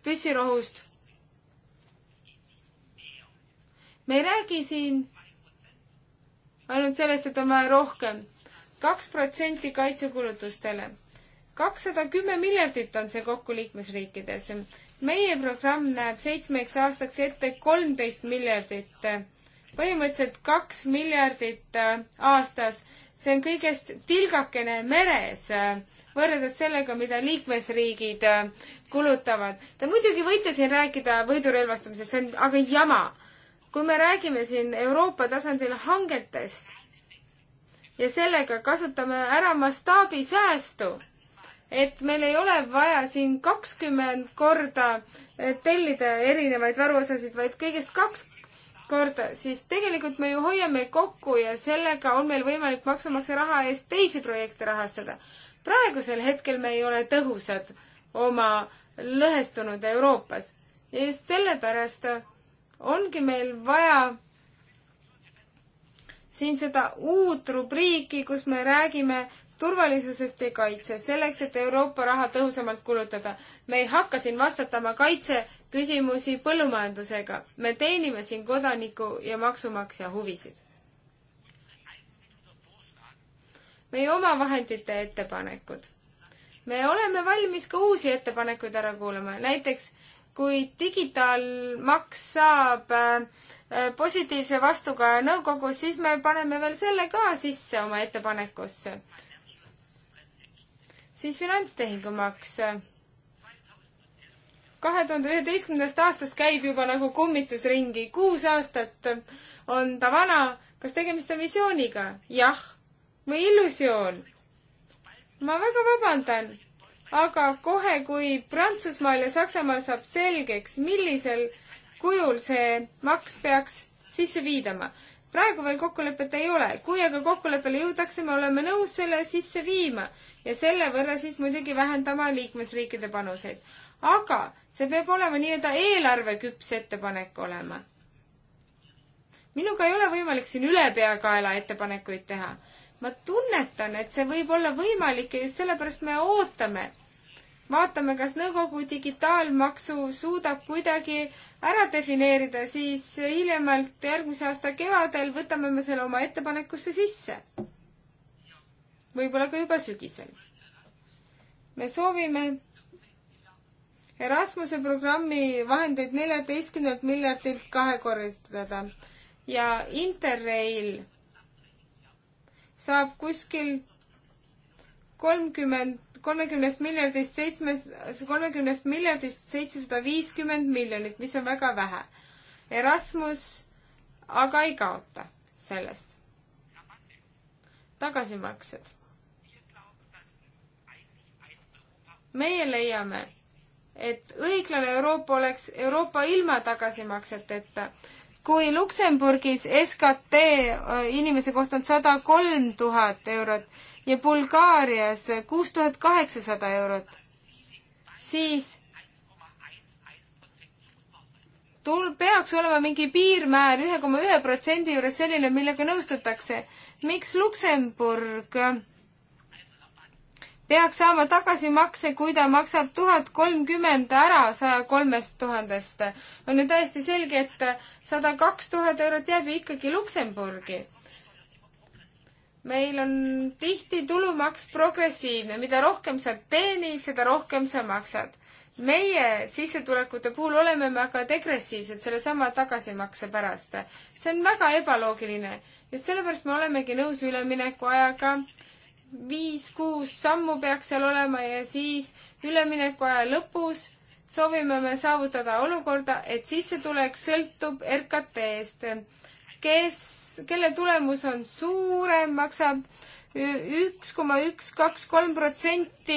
püssirohust, me ei räägi siin ainult sellest, et on vaja rohkem. kaks protsenti kaitsekulutustele. kakssada kümme miljardit on see kokku liikmesriikides. meie programm näeb seitsmeks aastaks ette kolmteist miljardit, põhimõtteliselt kaks miljardit äh, aastas see on kõigest tilgakene meres äh, võrreldes sellega, mida liikmesriigid äh, kulutavad. Te muidugi võite siin rääkida võidurelvastumisest, see on aga jama. kui me räägime siin Euroopa tasandil hangetest ja sellega kasutame ära mastaabisäästu, et meil ei ole vaja siin kakskümmend korda äh, tellida erinevaid varuosasid, vaid kõigest kaks korda, siis tegelikult me ju hoiame kokku ja sellega on meil võimalik maksumaksja raha eest teisi projekte rahastada. praegusel hetkel me ei ole tõhusad oma lõhestunud Euroopas ja just sellepärast ongi meil vaja siin seda uut rubriiki, kus me räägime turvalisusest ja kaitse, selleks, et Euroopa raha tõhusamalt kulutada. me ei hakka siin vastatama kaitseküsimusi põllumajandusega. me teenime siin kodaniku ja maksumaksja huvisid. meie omavahendite ettepanekud me oleme valmis ka uusi ettepanekuid ära kuulama, näiteks kui digitaalmaks saab äh, positiivse vastuga nõukogus, siis me paneme veel selle ka sisse oma ettepanekusse siis finantstehingumaks. kahe tuhande üheteistkümnendast aastast käib juba nagu kummitusringi. kuus aastat on ta vana. kas tegemist on visiooniga? jah. või illusioon? ma väga vabandan, aga kohe, kui Prantsusmaal ja Saksamaal saab selgeks, millisel kujul see maks peaks sisse viidama, praegu veel kokkulepet ei ole, kui aga kokkuleppele jõudakse, me oleme nõus selle sisse viima ja selle võrra siis muidugi vähendama liikmesriikide panuseid. aga see peab olema nii-öelda eelarveküps ettepanek olema. minuga ei ole võimalik siin ülepeakaela ettepanekuid teha. ma tunnetan, et see võib olla võimalik ja just sellepärast me ootame vaatame, kas nõukogu digitaalmaksu suudab kuidagi ära defineerida, siis hiljemalt järgmise aasta kevadel võtame me selle oma ettepanekusse sisse. võib-olla ka juba sügisel. me soovime Erasmuse programmi vahendeid neljateistkümnelt miljardilt kahekorristada ja Interrail saab kuskil kolmkümmend kolmekümnest miljardist seitsmes, kolmekümnest miljardist seitsesada viiskümmend miljonit, mis on väga vähe. Erasmus aga ei kaota sellest. tagasimaksed. meie leiame, et õiglane Euroopa oleks Euroopa ilma tagasimakseteta kui Luksemburgis SKT äh, inimese kohta on sada kolm tuhat eurot, ja Bulgaarias kuus tuhat kaheksasada eurot, siis tul-, peaks olema mingi piirmäär ühe koma ühe protsendi juures selline, millega nõustutakse. miks Luksemburg peaks saama tagasimakse, kui ta maksab tuhat kolmkümmend ära saja kolmest tuhandest? on ju täiesti selge, et sada kaks tuhat eurot jääb ju ikkagi Luksemburgi meil on tihti tulumaks progressiivne, mida rohkem sa teenid, seda rohkem sa maksad. meie sissetulekute puhul oleme me aga degressiivsed sellesama tagasimakse pärast. see on väga ebaloogiline. just sellepärast me olemegi nõus üleminekuajaga. viis-kuus sammu peaks seal olema ja siis üleminekuaja lõpus soovime me saavutada olukorda, et sissetulek sõltub RKT-st kes, kelle tulemus on suurem, maksab üks koma üks, kaks, kolm protsenti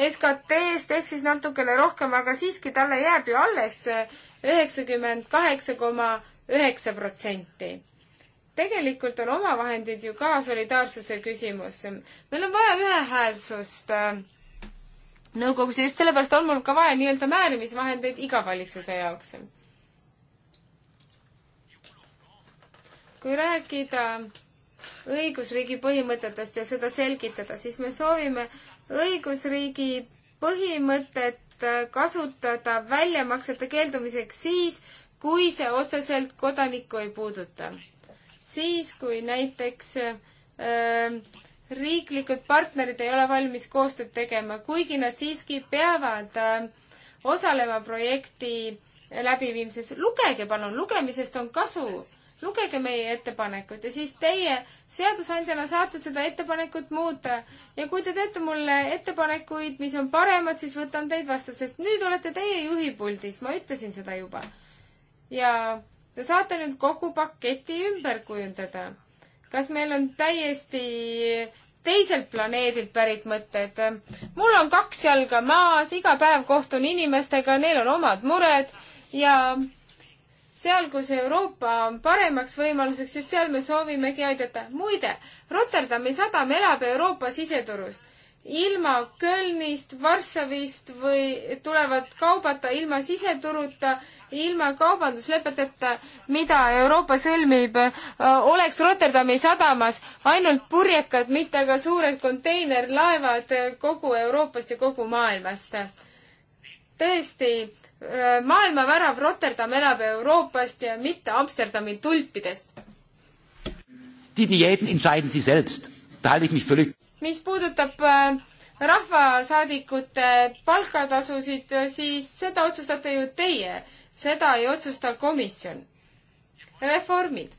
SKT-st ehk siis natukene rohkem, aga siiski talle jääb ju alles üheksakümmend kaheksa koma üheksa protsenti. tegelikult on omavahendid ju ka solidaarsuse küsimus. meil on vaja ühehäälsust äh, nõukogus ja just sellepärast on mul ka vaja nii-öelda määrimisvahendeid iga valitsuse jaoks. kui rääkida õigusriigi põhimõtetest ja seda selgitada, siis me soovime õigusriigi põhimõtet kasutada väljamaksete keeldumiseks siis, kui see otseselt kodanikku ei puuduta. siis, kui näiteks äh, riiklikud partnerid ei ole valmis koostööd tegema, kuigi nad siiski peavad äh, osalema projekti läbiviimises. lugege palun, lugemisest on kasu lugege meie ettepanekut ja siis teie seadusandjana saate seda ettepanekut muuta. ja kui te teete mulle ettepanekuid, mis on paremad, siis võtan teid vastu, sest nüüd olete teie juhi puldis, ma ütlesin seda juba. ja te saate nüüd kogu paketi ümber kujundada. kas meil on täiesti teiselt planeedilt pärit mõtted. mul on kaks jalga maas, iga päev kohtun inimestega, neil on omad mured ja seal, kus Euroopa on paremaks võimaluseks, just seal me soovimegi aidata. muide, Rotterdami sadam elab Euroopa siseturust. ilma Kölnist, Varssavist või tulevad kaubad ta ilma siseturuta, ilma kaubanduslepeteta, mida Euroopa sõlmib, oleks Rotterdami sadamas ainult purjekad, mitte ka suured konteinerlaevad kogu Euroopast ja kogu maailmast tõesti, maailmavärav Rotterdam elab Euroopast ja mitte Amsterdami tulpidest. mis puudutab rahvasaadikute palgatasusid, siis seda otsustate ju teie, seda ei otsusta komisjon. reformid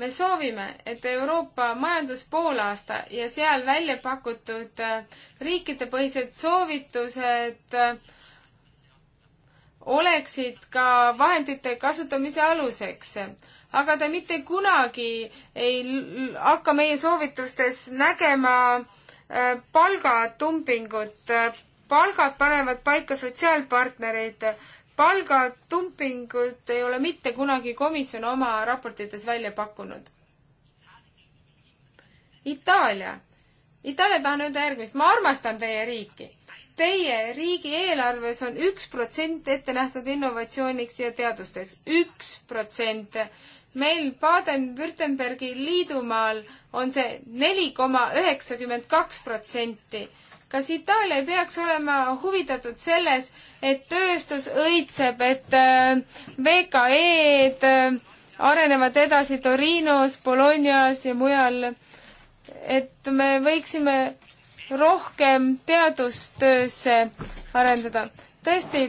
me soovime, et Euroopa majanduspoolaasta ja seal välja pakutud äh, riikidepõhised soovitused äh, oleksid ka vahendite kasutamise aluseks. aga ta mitte kunagi ei hakka meie soovitustes nägema äh, palgatumpingut, palgad panevad paika sotsiaalpartnerid, palgatumpingut ei ole mitte kunagi komisjon oma raportites välja pakkunud. Itaalia. Itaalia tahan öelda järgmist. ma armastan teie riiki. Teie riigi eelarves on üks protsent ette nähtud innovatsiooniks ja teadusteks. üks protsent. meil Baden-Württembergi liidumaal on see neli koma üheksakümmend kaks protsenti kas Itaalia ei peaks olema huvitatud selles, et tööstus õitseb, et äh, VKE-d äh, arenevad edasi Torinos, Bolognas ja mujal, et me võiksime rohkem teadustöösse arendada. tõesti,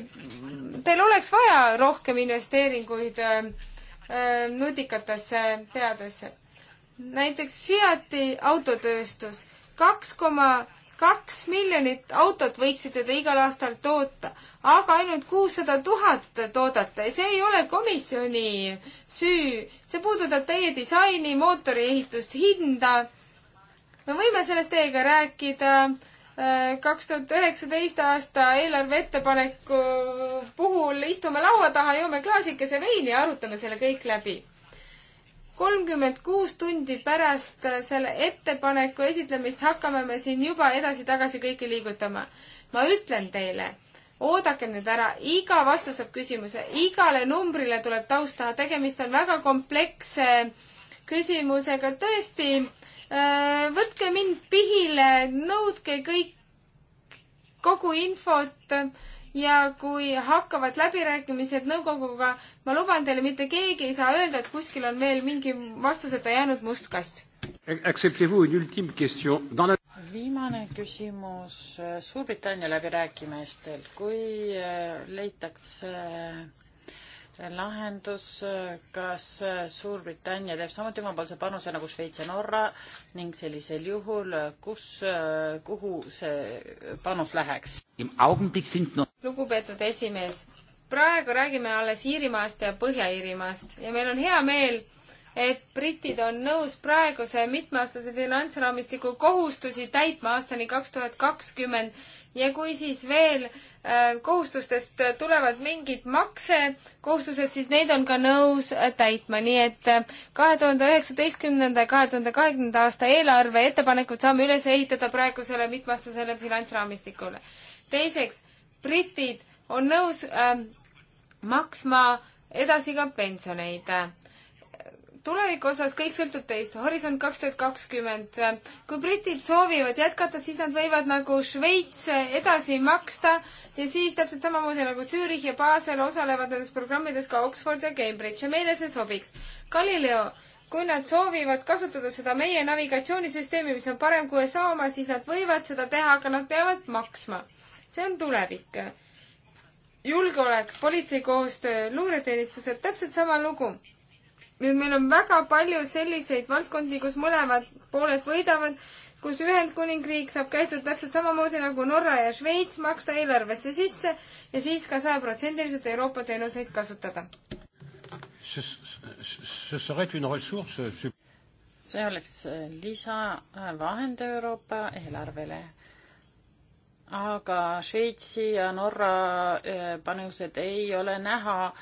teil oleks vaja rohkem investeeringuid äh, nutikatesse peadesse. näiteks Fiati autotööstus, kaks koma kaks miljonit autot võiksite te igal aastal toota, aga ainult kuussada tuhat toodate ja see ei ole komisjoni süü, see puudutab teie disaini, mootori ehitust, hinda. me võime sellest teiega rääkida äh, kaks tuhat üheksateist aasta eelarve ettepaneku puhul istume laua taha, joome klaasikese veini ja arutame selle kõik läbi kolmkümmend kuus tundi pärast selle ettepaneku esitlemist hakkame me siin juba edasi-tagasi kõiki liigutama. ma ütlen teile, oodake nüüd ära, iga vastus saab küsimuse, igale numbrile tuleb taust taha, tegemist on väga kompleksse küsimusega, tõesti, äh, võtke mind pihile, nõudke kõik, kogu infot ja kui hakkavad läbirääkimised nõukoguga, ma luban teile, mitte keegi ei saa öelda, et kuskil on veel mingi vastuseta jäänud must kast. viimane küsimus äh, Suurbritannia läbirääkimistel, kui äh, leitakse lahendus, kas Suurbritannia teeb samuti omapoolse panuse nagu Šveits ja Norra ning sellisel juhul, kus, kuhu see panus läheks? lugupeetud esimees, praegu räägime alles Iirimaast ja Põhja-Iirimaast ja meil on hea meel, et britid on nõus praeguse mitmeaastase finantsraamistiku kohustusi täitma aastani kaks tuhat kakskümmend ja kui siis veel äh, kohustustest tulevad mingid maksekohustused, siis neid on ka nõus äh, täitma, nii et äh, kahe tuhande üheksateistkümnenda ja kahe tuhande kahekümnenda aasta eelarve ettepanekud saame üles ehitada praegusele mitmeaastasele finantsraamistikule. teiseks, britid on nõus äh, maksma edasi ka pensioneid tuleviku osas kõik sõltub teist. Horisont kaks tuhat kakskümmend. kui britid soovivad jätkata, siis nad võivad nagu Šveits edasi maksta ja siis täpselt samamoodi nagu Zürich ja Basel osalevad nendes programmides ka Oxford ja Cambridge ja meile see sobiks. Galileo, kui nad soovivad kasutada seda meie navigatsioonisüsteemi, mis on parem kui USA oma, siis nad võivad seda teha, aga nad peavad maksma. see on tulevik. julgeolek, politsei koostöö, luureteenistused, täpselt sama lugu nüüd meil on väga palju selliseid valdkondi, kus mõlemad pooled võidavad, kus Ühendkuningriik saab käituda täpselt samamoodi nagu Norra ja Šveits, maksta eelarvesse sisse ja siis ka sajaprotsendiliselt Euroopa teenuseid kasutada. see oleks lisavahend Euroopa eelarvele. aga Šveitsi ja Norra eh, panused ei ole näha äh,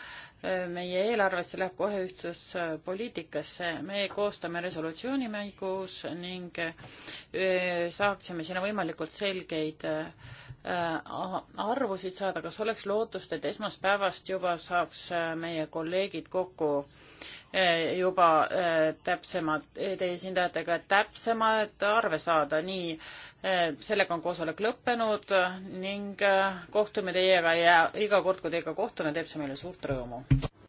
meie eelarvesse läheb kohe ühtsuspoliitikasse. me koostame resolutsiooni mängus ning saaksime sinna võimalikult selgeid arvusid saada, kas oleks lootust, et esmaspäevast juba saaks meie kolleegid kokku juba täpsemad, teie esindajatega täpsemad arve saada nii Eh, sellega on koosolek lõppenud ning eh, kohtume teiega ja iga kord, kui teiega kohtume, teeb see meile suurt rõõmu.